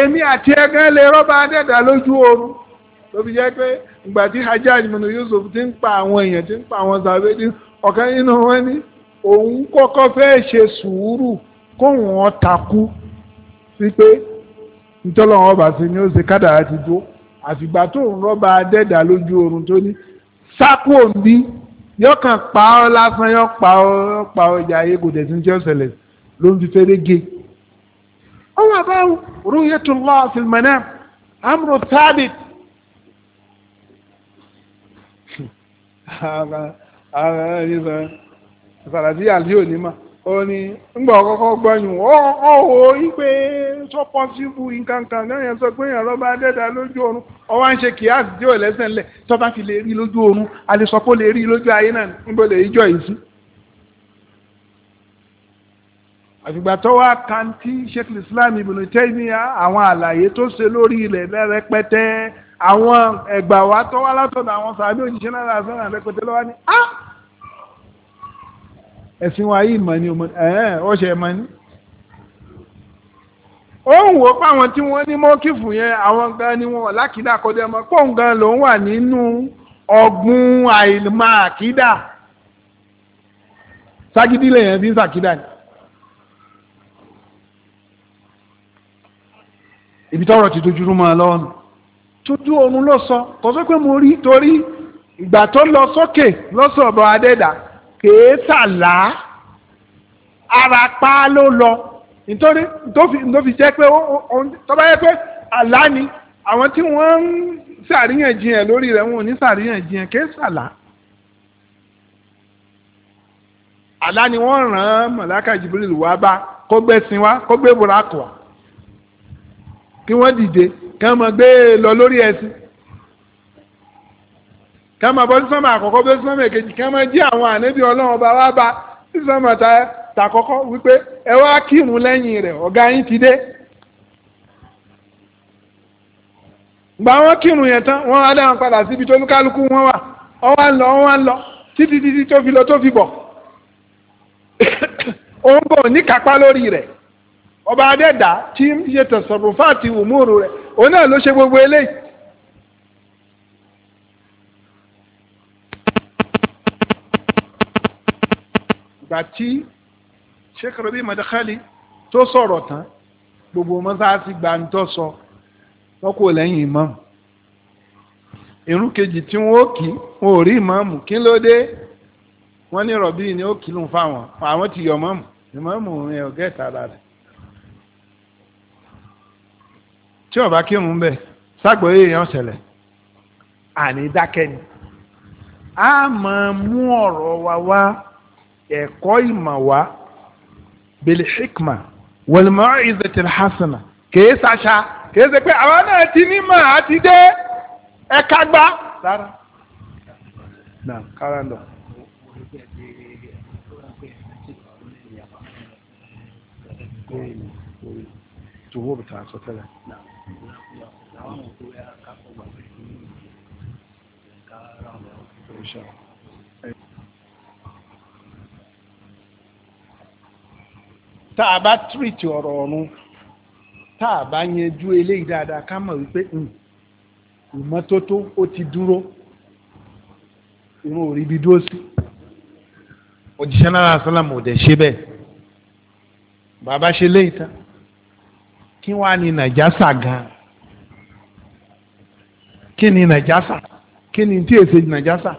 èmi àti lè rọ́bà tóbi jẹ́ pé ìgbà tí Hajjaj mọ̀nà Yusuf ti ń pa àwọn èèyàn ti ń pa àwọn sàbẹ̀ ní ọ̀kan nínú wọn ní òun kọ́kọ́ fẹ́ ṣe sùúrù kóun ọ̀ takú sí pé ntọ́lọ́wọ́n ọba sí ni ó ṣe kádàrá ti tó àfìgbà tó ń rọ́ba dẹ́dà lójú oorun tó ní sákú òǹbí yọkàn pa ọ́ lásán yọ pa ọ́ pa ọ́ ìjà ayé kò tẹ̀sí tí ó ló ń fi fẹ́rẹ́ gé. ó wà báwo rúyẹ́tùlá fìlmẹ́nà amúrò tábìtì sàràdí àlẹ́ òní mà ó ní ńgbà ọkọ̀ọ̀kọ̀ gbọ́yùn ó wò ó wípé tó pọ́sibú nǹkankan sọ pé èèyàn lọ́ba dẹ́ta lójú oorun ọwọ́ ń ṣe kìíyàsí tí ò lẹ́sẹ̀ ńlẹ̀ tó bá fi lè rí lójú oorun a lè sọ pé ó lè rí lójú ayé náà níbo lè yìí sí. àfìgbà àwọn ẹgbà wa tó wá látọ̀dọ̀ àwọn sàbí òjíṣẹ́ náà láti sọ́nà rẹpẹtẹ lọ́wọ́ ni á ẹ̀sìn wa yìí mọ̀ ní ẹ̀ẹ́ ọ̀ṣẹ̀ mọ̀ ní. ó ń wò pé àwọn tí wọ́n ní mọ́kìfù yẹn àwọn gan ni wọn lákìdá kọjá mọ́ pọ́ùn gan ló ń wà nínú ọ̀gbun àìmọ̀ àkídà ságídílẹ̀ yẹn fi ń sàkídà ni. ibi tọ́rọ̀ ti dojú rú mọ́ tójú oorun ló sọ kò sọ pé mo rí torí ìgbà tó lọ sókè lọ́sọ̀bọ̀ adẹ́dà kèé sàlá ara pa ló lọ nítorí tó fi jẹ́ pé tó bá yẹ pé àlá ni àwọn tí wọ́n ń ṣàríyànjiyàn lórí rẹ̀ wọn ò ní ṣàríyànjiyàn kèé sàlá. àlá ni wọ́n ràn án mọ̀láka Jibril wá bá kó gbẹ́sìn wá kó gbé burakọ̀ kí wọ́n dìde ká máa gbé e lọ lórí ẹsìn ká bọ bọ́ sí sọ́mà àkọ́kọ́ bọ́ sí èkejì ká jí àwọn ànábì ọlọ́run ọba wá bá sí sọ́mà wípé ẹ wá kírun lẹ́yìn rẹ ọgá yín ti dé. gbà wọn kírun yẹn tán wọ́n á dáhùn padà síbi tó lúkálukú wọn wà ọ wá ń lọ ọ wá ń lọ títí títí tó fi lọ tó fi bọ̀ ó ń bọ̀ níkápá lórí rẹ̀ ọba adẹ́dà tí ń ṣe tẹ̀sán fún fáàtì òun náà ló ṣe gbogbo eléyìí. ìgbà tí Sheikh Rabi Madakhali tó sọ̀rọ̀ tán gbogbo mọ́sáàsì gbàǹtọ́ sọ wọ́n kò lẹ́yìn imam irun kejì tí wọ́n ó kí wọn ò rí ìmáàmù kí ló dé wọ́n ní rọ̀bì ni ó kí lù fáwọn àwọn ti yọ mọ́mù ìmáàmù ẹ̀ ọ̀gẹ́ta lára tí ọba kírun bẹ ságbóyè èèyàn ṣẹlẹ̀ àní dákẹ́ a máa mú ọrọ wa wá ẹkọ ìmọ̀ wá bil hikma wal mau'izatil hasana kèé sàṣà kèé ṣe pé àwọn náà ti ní mà á dé ẹka gbá rárá náà kára lọ. Tuwo bi taa tá a bá tírìtì ọ̀rọ̀ ọ̀run tá a bá yanjú eléyìí dáadáa ká mọ̀ wípé hmm, ìmọ́tótó ó ti dúró irun òrí ibi dúró sí òjíṣẹ́ náírà sálàmù ò ṣe bẹ́ẹ̀ bàbá ṣe léyìí tán. kí wàá ní gan kí ni nàjásà kí ni tí èsè nàjásà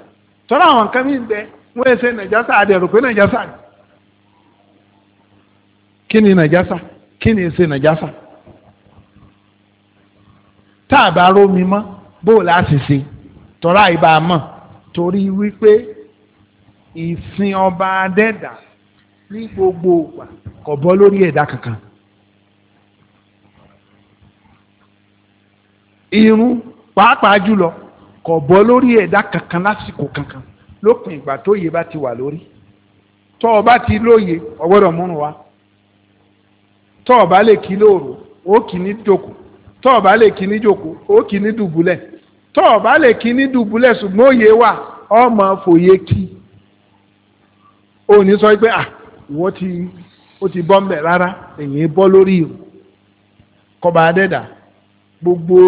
tọ́lá àwọn nǹkan mi bẹ wọ́n èsè nàjásà àdẹ̀rù pé nàjásà ni kí ni nàjásà kí ni èsè nàjásà tá a rómi mọ́ bóòlù àṣìṣe tọ́lá ibà mọ́ torí wípé ọba ní gbogbo bọ́ lórí kankan. irun pàápàá jùlọ kò bọ́ lórí ẹ̀dá kankan lásìkò kankan lópin ìgbà tó yẹ bá ti wà lórí tọ́ ọ ti lóye ọgbọ́dọ̀ múrun wa tọ́ ọ bá lè kí lóòrò ó kì ní jòkó tọ́ ọ bá lè kí ní jòkó ó kì ní dùbúlẹ̀ tọ́ ọ bá lè kí ní dùbúlẹ̀ ṣùgbọ́n òye wà ọmọ fòye kí ó ní sọ pé à gbogbo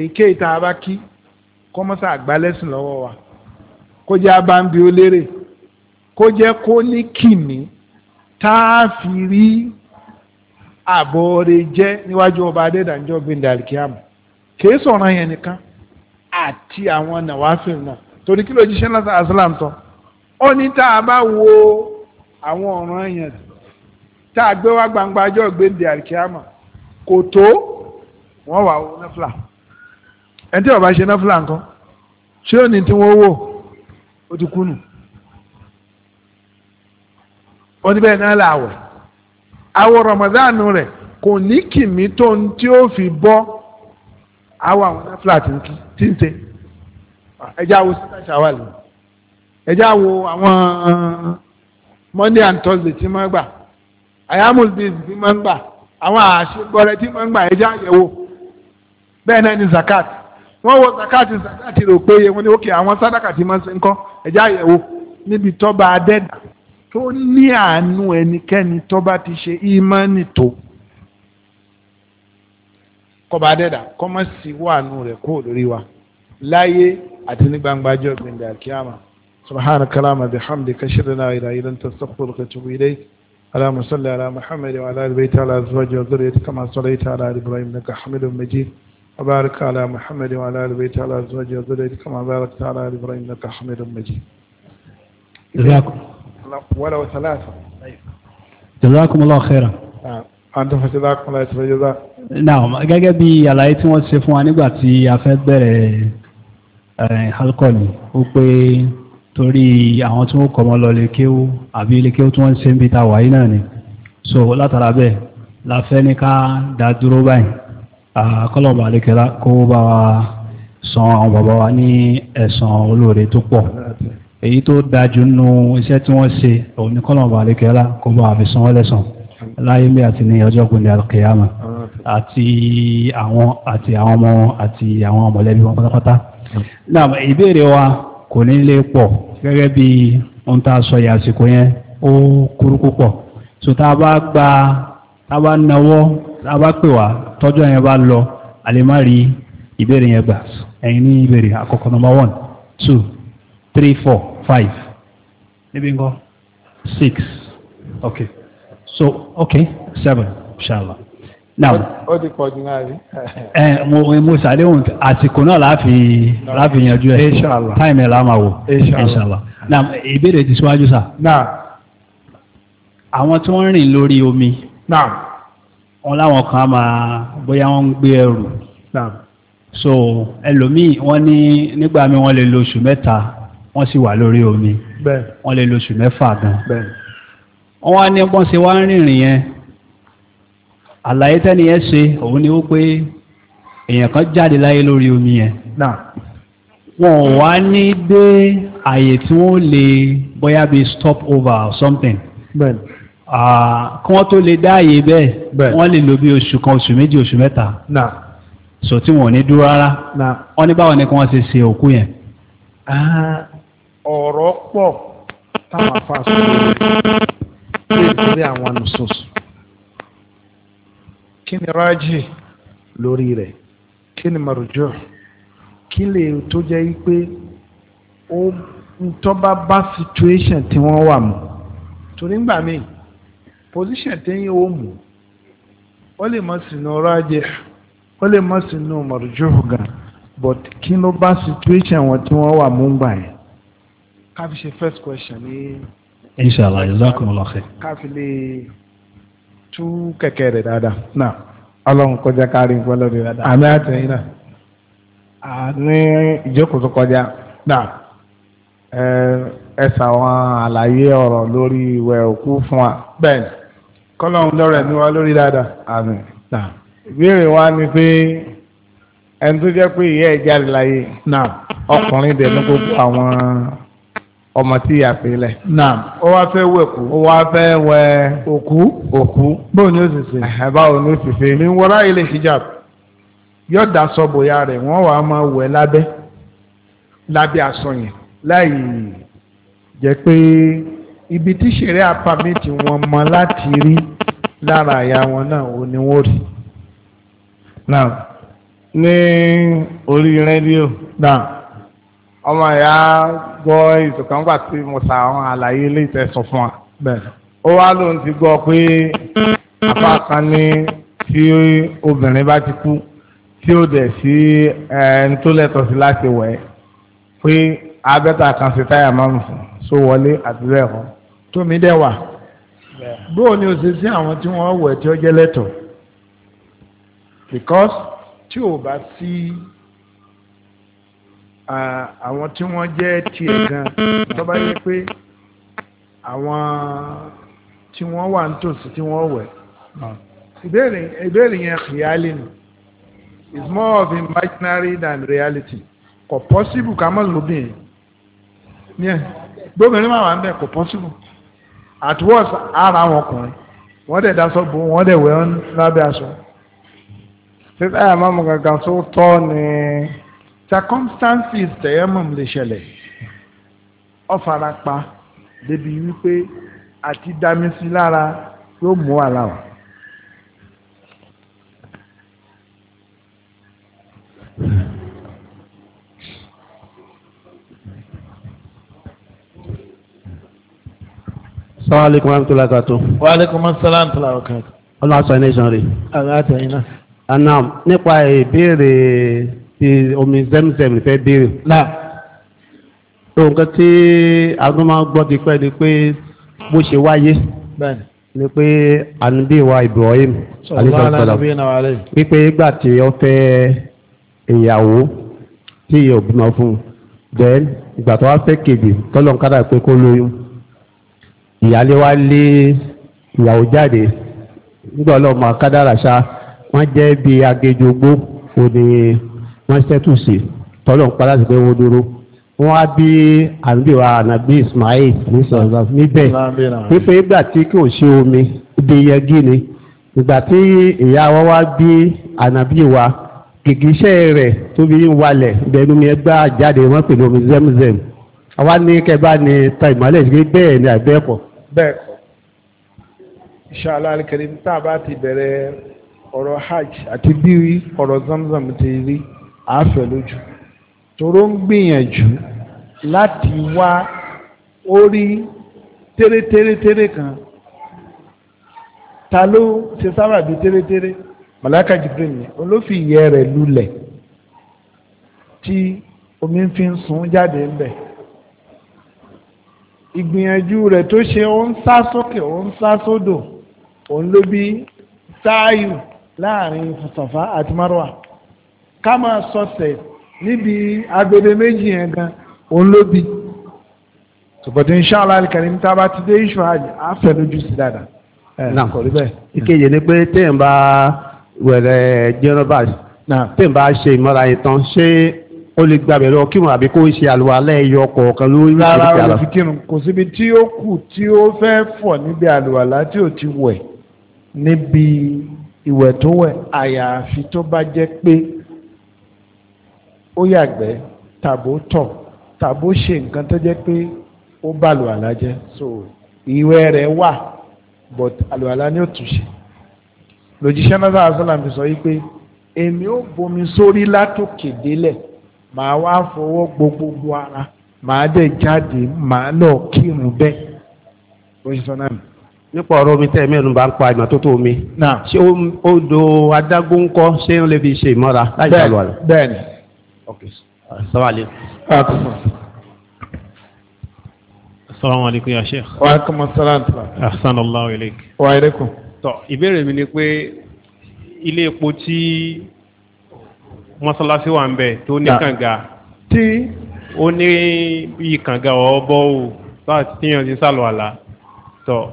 èké ìta abákí kọ́mọ́sá àgbálẹ́sìn lọ́wọ́ wa kó jẹ́ abáǹbí ó lérè kó jẹ́ kó ní kìmí tá a fi rí àbọ̀ rẹ̀ jẹ́ níwájú ọba adédàjọ́ gbẹ̀ndàlìkíàmù kìí sọ̀rọ̀ yẹn nìkan àti àwọn nàwáfíìn náà torí kí ló jíṣẹ́ lọ́sà aslam tán ó ní tá a bá wo àwọn ọ̀ràn yẹn tá a gbé wá gbangba ọjọ́ gbẹ̀ndàlìkíàmù kò tó wọ́n wà wọ náfìlà ẹni tí ó bá ṣe náfìlà nǹkan ṣé òní tí wọ́n wò ó ti kúnnù ó ní bẹ́ẹ̀ náà làwẹ̀ àwọ̀ rọ̀mọ̀dánù rẹ̀ kò ní kìmí tó ń tí ó fi bọ́ àwọ̀ àwọn náfìlà tí ń ṣe ẹjẹ́ àwọ̀ sí ṣàwà lè ẹjẹ́ àwọ̀ àwọn uh, Monday and Thursday tí máa gbà àyàmùlbí tí máa gbà àwọn àṣegbọrẹ tí máa gbà ẹjẹ́ àyẹ̀wò bẹ́ẹ̀ náà ni zakat wọ́n wo zakat zakat rò pé wọ́n ní ókè àwọn sadaka ti máa ń ṣe ńkọ́ ẹ̀já àyẹ̀wò níbi tọ́ba adẹ́dà tó ní àánú ẹnikẹ́ni tọ́ba ti ṣe ìmánì tó kọba adẹ́dà kọ́mọ sí wàánú rẹ̀ kó lórí wa láyé àti ní gbangba jọ gbẹ̀ndẹ̀ àkíyàmà subhanaka allahumma bihamdika ashhadu an la ilaha illa anta astaghfiruka wa atubu ilayk اللهم صل على محمد وعلى ال بيته وعلى ازواجه وذريته كما صليت على ال ابراهيم انك حميد مجيد وبارك على محمد وعلى آل بيته وعلى أزواجه وذريته كما باركت على آل إبراهيم إنك حميد مجيد جزاكم ولو ثلاثة جزاكم الله خيرا àǹtọ́ fàṣẹ́dákùn láti fẹ́ jẹ́dá. náà gẹ́gẹ́ bí àlàyé tí wọ́n ṣe fún wa nígbà tí a fẹ́ bẹ̀rẹ̀ eh, alkọ́ọ̀lì ó pé torí àwọn tí wọ́n kọ́ mọ́ lọ lè kéwú àbí lè kéwú tí wọ́n ṣe ń bí ta wàyí náà ni so látara bẹ́ẹ̀ la fẹ́ ní ká dá dúró báyìí Ah, kọ́lọ̀bà àlékẹ́lá kó bá wa san àwọn bàbá wa ní ẹ̀san olóore tó pọ̀ èyí tó dájú nínú iṣẹ́ tí wọ́n ṣe òun ní kọ́lọ̀bà àlékẹ́lá kó bá wa fi san wọ́n lẹ́san láyé mi àti ní ọjọ́ gbòǹde alkiyama àti àwọn àti àwọn ọmọ àti àwọn mọ̀lẹ́bí wọn pátápátá náà ìbéèrè wa kò ní lè pọ̀ gẹ́gẹ́ bí ohun tá a sọ yìí àsìkò yẹn ó kúrú púpọ̀ so tá a bá gba tàbá náwọ́ tàbá pè wá tọ́jọ́ yẹn bá lọ àlèmárì ìbéèrè yẹn gbà ẹ̀yìn ní ìbéèrè àkọ́kọ́ number one two three four five níbi ńkọ́ six okay so okay seven inshallah now ó ti pọ̀ jù náà rí. ẹ <laughs> eh, mo mo ṣàdéhùn àsìkò náà láàfi láàfi yanjú ẹ inshallah táìmù ẹ láàmà wò inshallah now ìbéèrè ti síwájú sá. náà àwọn tí wọ́n rìn lórí omi. Wọ́n láwọn kan máa bóyá wọ́n ń gbé ẹrù. So ẹlòmíì wọ́n ní nígbà míì wọ́n lè lo oṣù mẹ́ta wọ́n sì wà lórí omi. Bẹ́ẹ̀. Wọ́n lè lo oṣù mẹ́fà gan. Bẹ́ẹ̀. Wọ́n wá ní bọ́n ṣe wá ń rìnrìn yẹn. Àlàyé tẹ́ni yẹn ṣe òun ni ó pé èèyàn kan jáde láyé lórí omi yẹn. Wọ́n wá ní dé àyè tí wọ́n lè bóyá bíi stop over or something. Ah, kí wọ́n tó lè dáàyè bẹ́ẹ̀ wọ́n lè lò bí oṣù kan oṣù méjì oṣù mẹ́ta so tí wọ́n ní dúró rárá wọ́n ní báwọn ni kí wọ́n ṣe ṣe òkú yẹn. Ah, ọ̀rọ̀ pọ̀ táwọn afáàṣọ lórí lórí àwọn nùsọ̀sọ̀ kí ni rájì lórí rẹ̀ kí ni màrújọ́ kí lè tó jẹ́ pé ó ń tọ́ bá bá situation tí wọ́n wà mọ́ torí ń gbà míì position tẹ́yìn ó mú ó lè má sínú rájẹ ó lè má sínú mọ̀rọ̀jọ́fù gan but kí ló bá situation wọn tí wọ́n wà mú gbà yẹn. ká ṣe first question ní. inshallah jazakumullahu khair. ká fi lè tú kẹ̀kẹ́ rẹ̀ dáadáa náà ọlọ́run kọjá kárí ìpọ́nlọ́ rẹ̀ dáadáa. àmì àtẹ̀yìn náà. a ní ìjókòó tó kọjá náà ẹ ẹ ṣàwọn àlàyé ọ̀rọ̀ lórí ìwẹ̀ òkú fún wa. bẹ́ẹ̀ ni kọ́lọ́hún lọ́rọ̀ ẹ̀mí wa lórí dáadáa ìbéèrè wa ni pé ẹni tó jẹ́ pé ìyá ẹ̀ jáde láyé ọkùnrin dẹ̀ ní gbogbo àwọn ọmọ tí ìyá fi lẹ̀. ó wá fẹ́ wẹ̀ kú. ó wá fẹ́ wẹ̀ òkú. òkú. báwo ni ó sì ṣe. ẹ báwo ni ó sì ṣe. mi ń wọlá ilé hijab yóò da aṣọ bòyá rẹ̀ wọ́n wàá máa wẹ̀ lábẹ́ lábẹ́ aṣọ yẹn láì jẹ́ pé ibi tí ṣeré apamẹ́tì wọn mọ láti rí lára àyà wọn náà ò ní wọ́n rí. náà ní orí rédíò náà ọmọ ìyá gbọ́ ìtòkàngbà tí mo sa àwọn àlàyé ilé ìtẹ̀sùn fún wa. ó wá lóun ti gbọ́ pé apá kan ní tí obìnrin bá ti kú tí ó dẹ̀ sí ẹni tó lẹ́tọ̀ọ́ sí láti wẹ̀ ẹ́ pé abẹ́ta kan ṣe táyà máa ń fún so wọlé àti bẹ́ẹ̀ kọ́. tómi dẹ̀ wà bóò ni o ṣe sí àwọn tí wọ́n wẹ̀ tí ó jẹ́ lẹ́tọ̀ because tí ò bá sí àwọn tí wọ́n jẹ́ tiẹ̀ gan tó bá yẹ pé àwọn tí wọ́n wà nítòsí tí wọ́n wẹ̀ ìbéèrè ìbéèrè yẹn kìíyálì nù is more of imaginary than reality kò possible ká mọ̀ lóbìn yẹn gbóbìnrin máa wà ń bẹ̀ kò possible at once ara àwọn ọkùnrin wọ́n dẹ̀ daṣọ bò wọ́n dẹ̀ wẹ̀ ọ́n lábẹ́ aṣọ títí àyà máa mú gangan tó tọ́ ni circumstances tẹ̀yẹ́mọ̀ lè ṣẹlẹ̀ ọ̀farapa débi wípé àti dami sí lára yóò mú àlàwà. Assalamu alaikum warahmatullahi wabarakatuh. Wa alaikumus salam warahmatullahi wabarakatuh. ọlọ́sọ iná ìṣàn rẹ̀. aláàtọ̀ iná. àná nípa ìbéèrè ti omi zemzem fẹ́ béèrè. náà. tó nǹkan tí àdúgbò máa ń gbọ́ ti pẹ́ ni pé bó ṣe wáyé. bẹ́ẹ̀ni. ni pé ànúbí wa Ibrahim alisalaam pípé ìgbà tí ó fẹ́ ìyàwó tí ìyàwó bímọ fún un then ìgbà tó wá fẹ́ kejì tọ́lọ̀ ń pé kó lóyún ìyálé wa lé ìyàwó jáde nígbà ọlọ́mọ kádàrà ṣá wọ́n jẹ́ bí agéjogbó òde wọ́n ṣẹ́tù sí tọ́lọ̀ ń padà sí pé wọ́n dúró wọ́n á bí àbíwá ànàbí Ismail níbẹ̀ pípé ìgbà tí kò ṣe omi ibi yẹgí ni ìgbà tí ìyá wa wá bí ànàbí wa gìgísẹ́ rẹ̀ tó fi ń walẹ̀ ìbẹ̀nu mi ẹgbẹ́ àjáde wọ́n pè ní omi zemzem àwa ní kẹbà ní ta ìmọ̀lẹ́ ìṣẹ́gbẹ́ bẹ́ẹ̀ ni àbẹ́ẹ̀kọ́ bẹ́ẹ̀ kọ́ inshallah alkarim tá a bá ti bẹ̀rẹ̀ ọ̀rọ̀ hajj àti bí ọ̀rọ̀ zamzam ti rí àáfẹ́ lójú tóró ń gbìyànjú láti wá orí tẹ́rẹ́tẹ́rẹ́tẹ́rẹ́ kan ta ló ṣe sábàbí tẹ́rẹ́tẹ́rẹ́ màláka jibril ni olófin ìyẹ́ rẹ̀ lulẹ̀ tí omi fi ń sun jáde ń bẹ̀ ìgbìyànjú rẹ̀ tó ṣe ó ń sá sókè ó ń sá sódò òun ló bí sáàyù láàrin Safa àti Marwa ká máa sọsẹ̀ níbi agbede méjì yẹn gan òun ló bí tòbọ̀tì inṣàlá alkarim tá a bá ti dé iṣu àjẹ àfẹnujù sí dáadáa. náà ìkejì ni pé téèyàn bá wẹ̀rẹ̀ jẹ́rọ̀bà téèyàn bá ṣe ìmọ̀ra yẹn tán ṣé ó lè gbàgbé lọ kírun àbí kó ṣe àlùwalá ẹyọ kọ̀ọ̀kan lórí ìṣẹ̀lẹ̀ ara. rárá o lè fi kírun kò síbi tí ó kù tí ó fẹ́ fọ̀ níbi àlùwalá tí ò ti wẹ̀ níbi ìwẹ̀ tó wẹ̀ àyàfi tó bá jẹ́ pé ó yàgbẹ́ tàbó tọ̀ tàbó ṣe nǹkan tó jẹ́ pé ó bá àlùwalá jẹ́ so ìwẹ̀ rẹ̀ wà but àlùwalá ni ó tún ṣe lòjíṣẹ́ náà sọ àṣọ làǹfì sọ yìí pé èmi ò bomi sórí látòkè délẹ̀ màá wá fọwọ́ gbogbo ara màá dẹ̀ jáde màá lọ kírun bẹ́ẹ̀ òṣìṣẹ́ náà nípa ọ̀rọ̀ omi tẹ́ mẹ́rin bá ń pa ìmọ́tótó omi ṣé odò adágún ń kọ́ ṣé ó lè fi ṣe ìmọ́ra láì sálọ àlọ́. bẹ́ẹ̀ni Ok. asalaamu alaykum ya sheikh. wa alaykum asalaam. ahsanallahu ilayk. wa alaykum. tọ ìbéèrè mi ni pé ilé epo tí mọ́sálásí wà ń bẹ̀ tó ní kànga tí ó ní bíi kànga ọ̀ọ́bọ̀ o láti tíyàn ti sálọ àlá tọ̀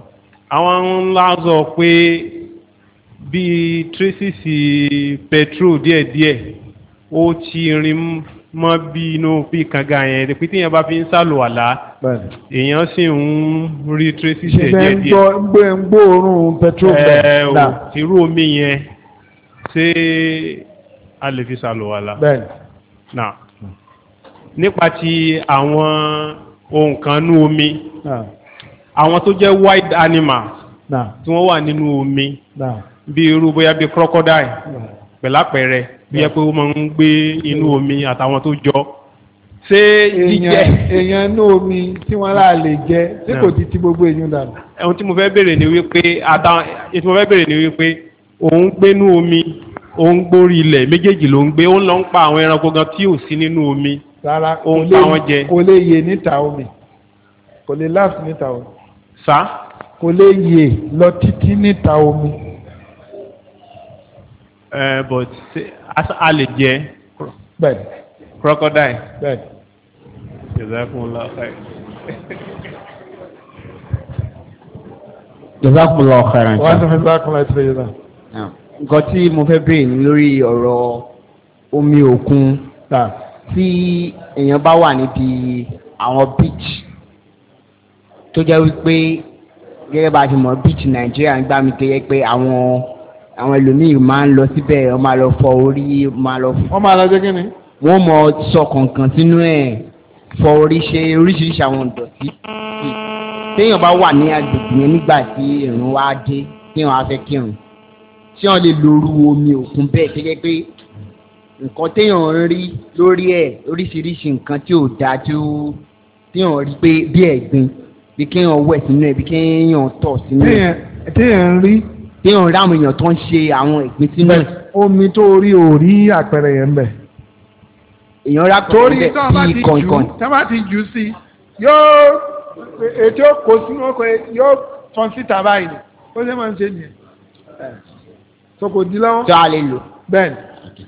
àwọn ńlá sọ pé bíi tírísìsì pẹtrol díẹ̀díẹ̀ ó ti rin mọ́ bí inú bíi kànga yẹn pé tíyàn bá fi ń sálọ àlá èèyàn sì ń rí tírísìsì díẹ̀díẹ̀. ṣe ń gbóòórùn pẹtrol bẹ́ẹ̀ náà. ẹ ò tìrú omi yẹn ṣé a lè fi ṣàlùwàlà. bẹ́ẹ̀ni. na nípa ti àwọn ohun kan nú omi àwọn tó jẹ́ wild animals tí wọ́n wà nínú omi bí irú bóyá bí crocodile pẹ̀lápẹ̀rẹ̀ bí ẹ pé ó máa ń gbé inú omi àtàwọn tó jọ ṣé jíjẹ èèyàn inú omi tí wọn láà lè jẹ tí kò ti ti gbogbo èèyàn dànù. ohun tí mo fẹ́ béèrè ni wípé àtàwọn ètò mo fẹ́ béèrè ni wípé òun gbénú omi ó ń gbórí ilẹ̀ méjèèjì ló ń gbé ó ń lọ ń pa àwọn ẹranko gan tí ò sí nínú omi ó ń pa wọn jẹ. kò lè yè níta omi kò lè láàfin níta omi. sá. kò lè yè lọ títí níta omi. ẹ but a lè jẹ. bẹ́ẹ̀ni. crocodile. bẹ́ẹ̀ni. jazakumullahu la jazakumullahu khairan. wọ́n ti fi sáà kúnlẹ̀ tìrẹ̀ yìí náà nǹkan tí mo fẹ́ bèèrè ní lórí ọ̀rọ̀ omi òkun ah. tí èèyàn bá wà níbi àwọn beach tó jẹ́ wípé gẹ́gẹ́ bá a ti mọ̀ beach Nàìjíríà ń gbá mi gẹ́gẹ́ pé àwọn àwọn ẹlòmíì máa ń lọ síbẹ̀ wọ́n máa lọ fọ orí máa lọ. wọ́n máa lọ jẹ́ kí ni. wọ́n mọ sọ kọ̀ọ̀kan sínú ẹ̀ fọ orí ṣe oríṣiríṣi àwọn ìdọ̀tí. téèyàn bá wà ní agbègbè yẹn nígbà tí ìrun wá dé téèyàn á fẹ́ kírun tí wọ́n lè lòru omi òkun bẹ́ẹ̀ gẹ́gẹ́ pé nǹkan téèyàn ń rí lórí ẹ̀ oríṣiríṣi nǹkan tí ò dáa tí ó téèyàn rí pé bí ẹ̀gbin bí kéèyàn wẹ̀ sínú ẹ̀ bí kéèyàn tọ̀ sínú ẹ̀. téèyàn ń rí. téèyàn rí àwọn èèyàn tó ń ṣe àwọn ẹ̀gbin sínú ẹ̀. omi tó rí ò rí àpẹẹrẹ yẹn bẹ̀. èèyàn rà pẹ̀lú bẹ́ẹ̀ bí kọ̀ǹkọ̀ǹ. torí tábà ti jù sí yóò ètò kò sínú ọkọ̀ yóò fọ́n síta báyìí ó ṣe máa ń ṣe nìyẹn so kò di lọ́wọ́. tó a lè lò. bẹ́ẹ̀ni.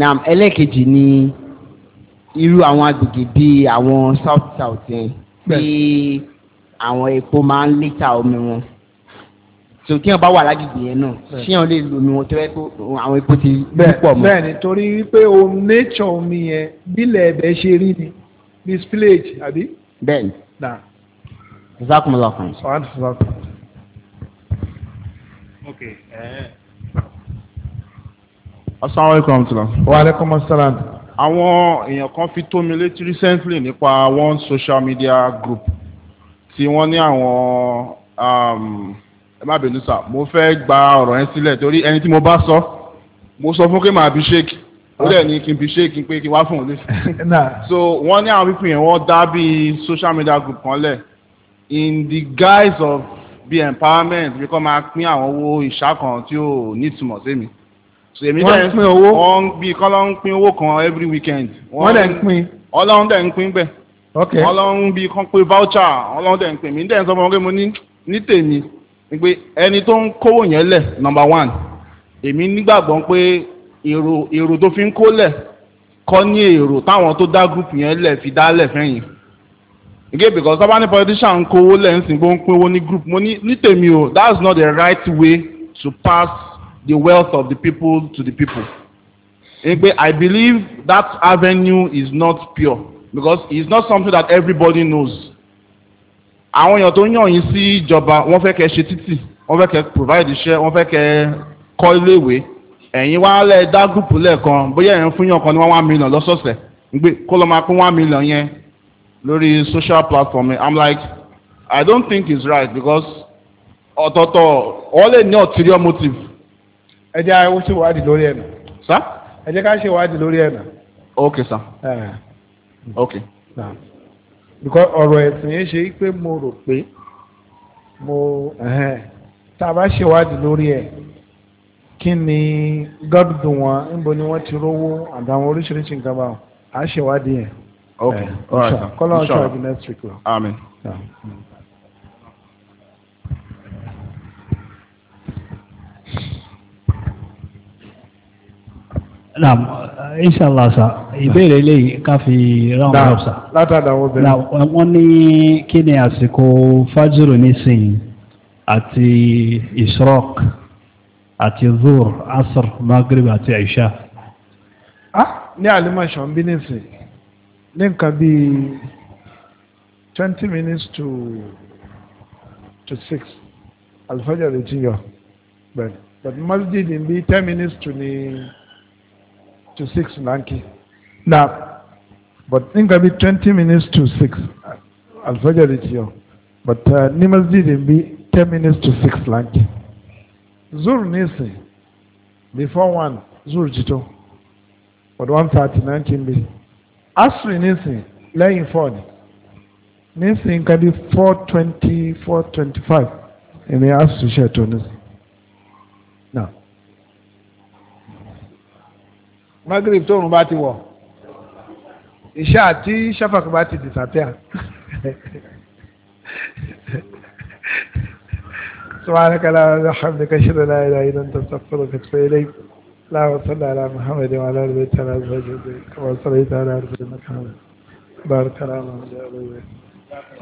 naam ẹlẹ́kejì ni irú àwọn agbègbè bíi àwọn south south yẹn bí àwọn epo máa ń lítà omi wọn so tí wọn bá wà lágbègbè yẹn náà tí wọn lè lo omi wọn tó yẹ kó àwọn epo ti púpọ̀ mọ́. bẹ́ẹ̀ni torí wípé o nature omi yẹn bílẹ̀ ẹ̀bẹ̀ ṣe rí ni bí spillage àbí. bẹ́ẹ̀ni. na. zakumulakan. ok. Uh, asalaamualeykum amtula. wa aleykum asalaam. àwọn èèyàn kan fi tó mi létí recently nípa one social media group tí wọ́n ní àwọn um, ẹ má bínú sá mo fẹ́ gba ọ̀rọ̀ yẹn sílẹ̀ torí ẹni tí mo bá sọ mo sọ fún kí màá bí ṣéèkì ó dẹ̀ ní kí n bí ṣéèkì pé kí n wá fún òun lẹ́sìn. so wọ́n ní àwọn pípín yẹn wọ́n dá bí social media group kan lẹ̀ in the guise of bí empowerment bí kò máa pín àwọn owó ìṣàkàn tí ò ní ìtumọ̀ sí mi wọ́n pín owó wọ́n bí kọ́lọ́ ń pín owó kan every weekend wọ́n dẹ̀ ń pín ọlọ́run dẹ̀ ń pín bẹ́ẹ̀ okay ọlọ́run bí kan pé voucher ọlọ́run dẹ̀ ń pín mí dẹ̀ ń sọ fún wọn pé mo ní ní tèmi pé ẹni tó ń kówó yẹn lẹ̀ number one èmi nígbàgbọ́ pé èrò èrò tó fi ń kó lẹ̀ kọ́ ní èrò táwọn tó dá group yẹn lẹ̀ fi dá lẹ̀ fẹ́yìn again because sábà ní politician ń kówó lẹ̀ ń sìn gbó ń pín owó ní group mo ní ní that's not the right way to pass the wealth of the people to the people. Egbe, I believe that avenue is not pure because it's not something that everybody knows. Àwọn èèyàn tó yàn yín sí ìjọba wọ́n fẹ́ kẹ́ ṣe títì wọ́n fẹ́ kẹ́ provide iṣẹ́ wọ́n fẹ́ kẹ́ kọ́ iléèwé ẹ̀yin wá lẹ̀ dá gúùpù lẹ́ẹ̀kan bóyá ẹ̀yin fún yàn kan ní wọ́n one million lọ́sọ̀ọ̀sẹ̀ gbé kó lọ́ máa pín one million yẹn lórí social platform I'm like I don't think it's right because ọ̀tọ̀ọ̀tọ̀ wọ́n lè ní ulterior motive ẹ jẹ́ àwọn ṣe wádìí lórí ẹ̀nà. sá. ẹ jẹ́ ká ṣe wádìí lórí ẹ̀nà. ok sá. ok. because ọ̀rọ̀ ẹ̀sìn yẹn ṣe pé mo rò pé mo tá a bá ṣe wádìí lórí ẹ̀ kí ni gọ́dùdù wọn níbo ni wọ́n ti rówó àtàwọn ok all right sir. kọ́lọ́ ọ̀ṣọ́ ọ̀dún next week. amen. naam inshallah sa ìbéèrè eléyìí ká fi round up sa. látàdà wọn bẹ̀rẹ̀. wọ́n ní kí ni àsìkò fájúrò nísìnyí àti ishraq àti zuhr asr maghrib àti aisha. ah ní àlùmọ̀ṣọ́ ń bí nísìnyí ní nǹkan bíi twenty minutes to to six alifajari ti yọ bẹ́ẹ̀ but masjid bí ten minutes to ni to six Nanki. na but nǹkan bí twenty minutes to six alfajari ti yọ but uh, ní masjidi bí ten minutes to six Nanki. zuru nísìn before one zuru Jito. but one thirty Nanki. bí asiri nísìn lẹ́yìn four ni nísìn nǹkan bí four twenty four twenty five èmi asiri ṣètò nísìn. magrib tóorùn bá ti wọ̀ ìṣá àti shafak bá ti disappear سبحانك اللهم وبحمدك اشهد ان لا اله الا انت استغفرك واتوب اليك اللهم صل على محمد وعلى ال بيت على ازواج كما صليت على ال محمد بارك الله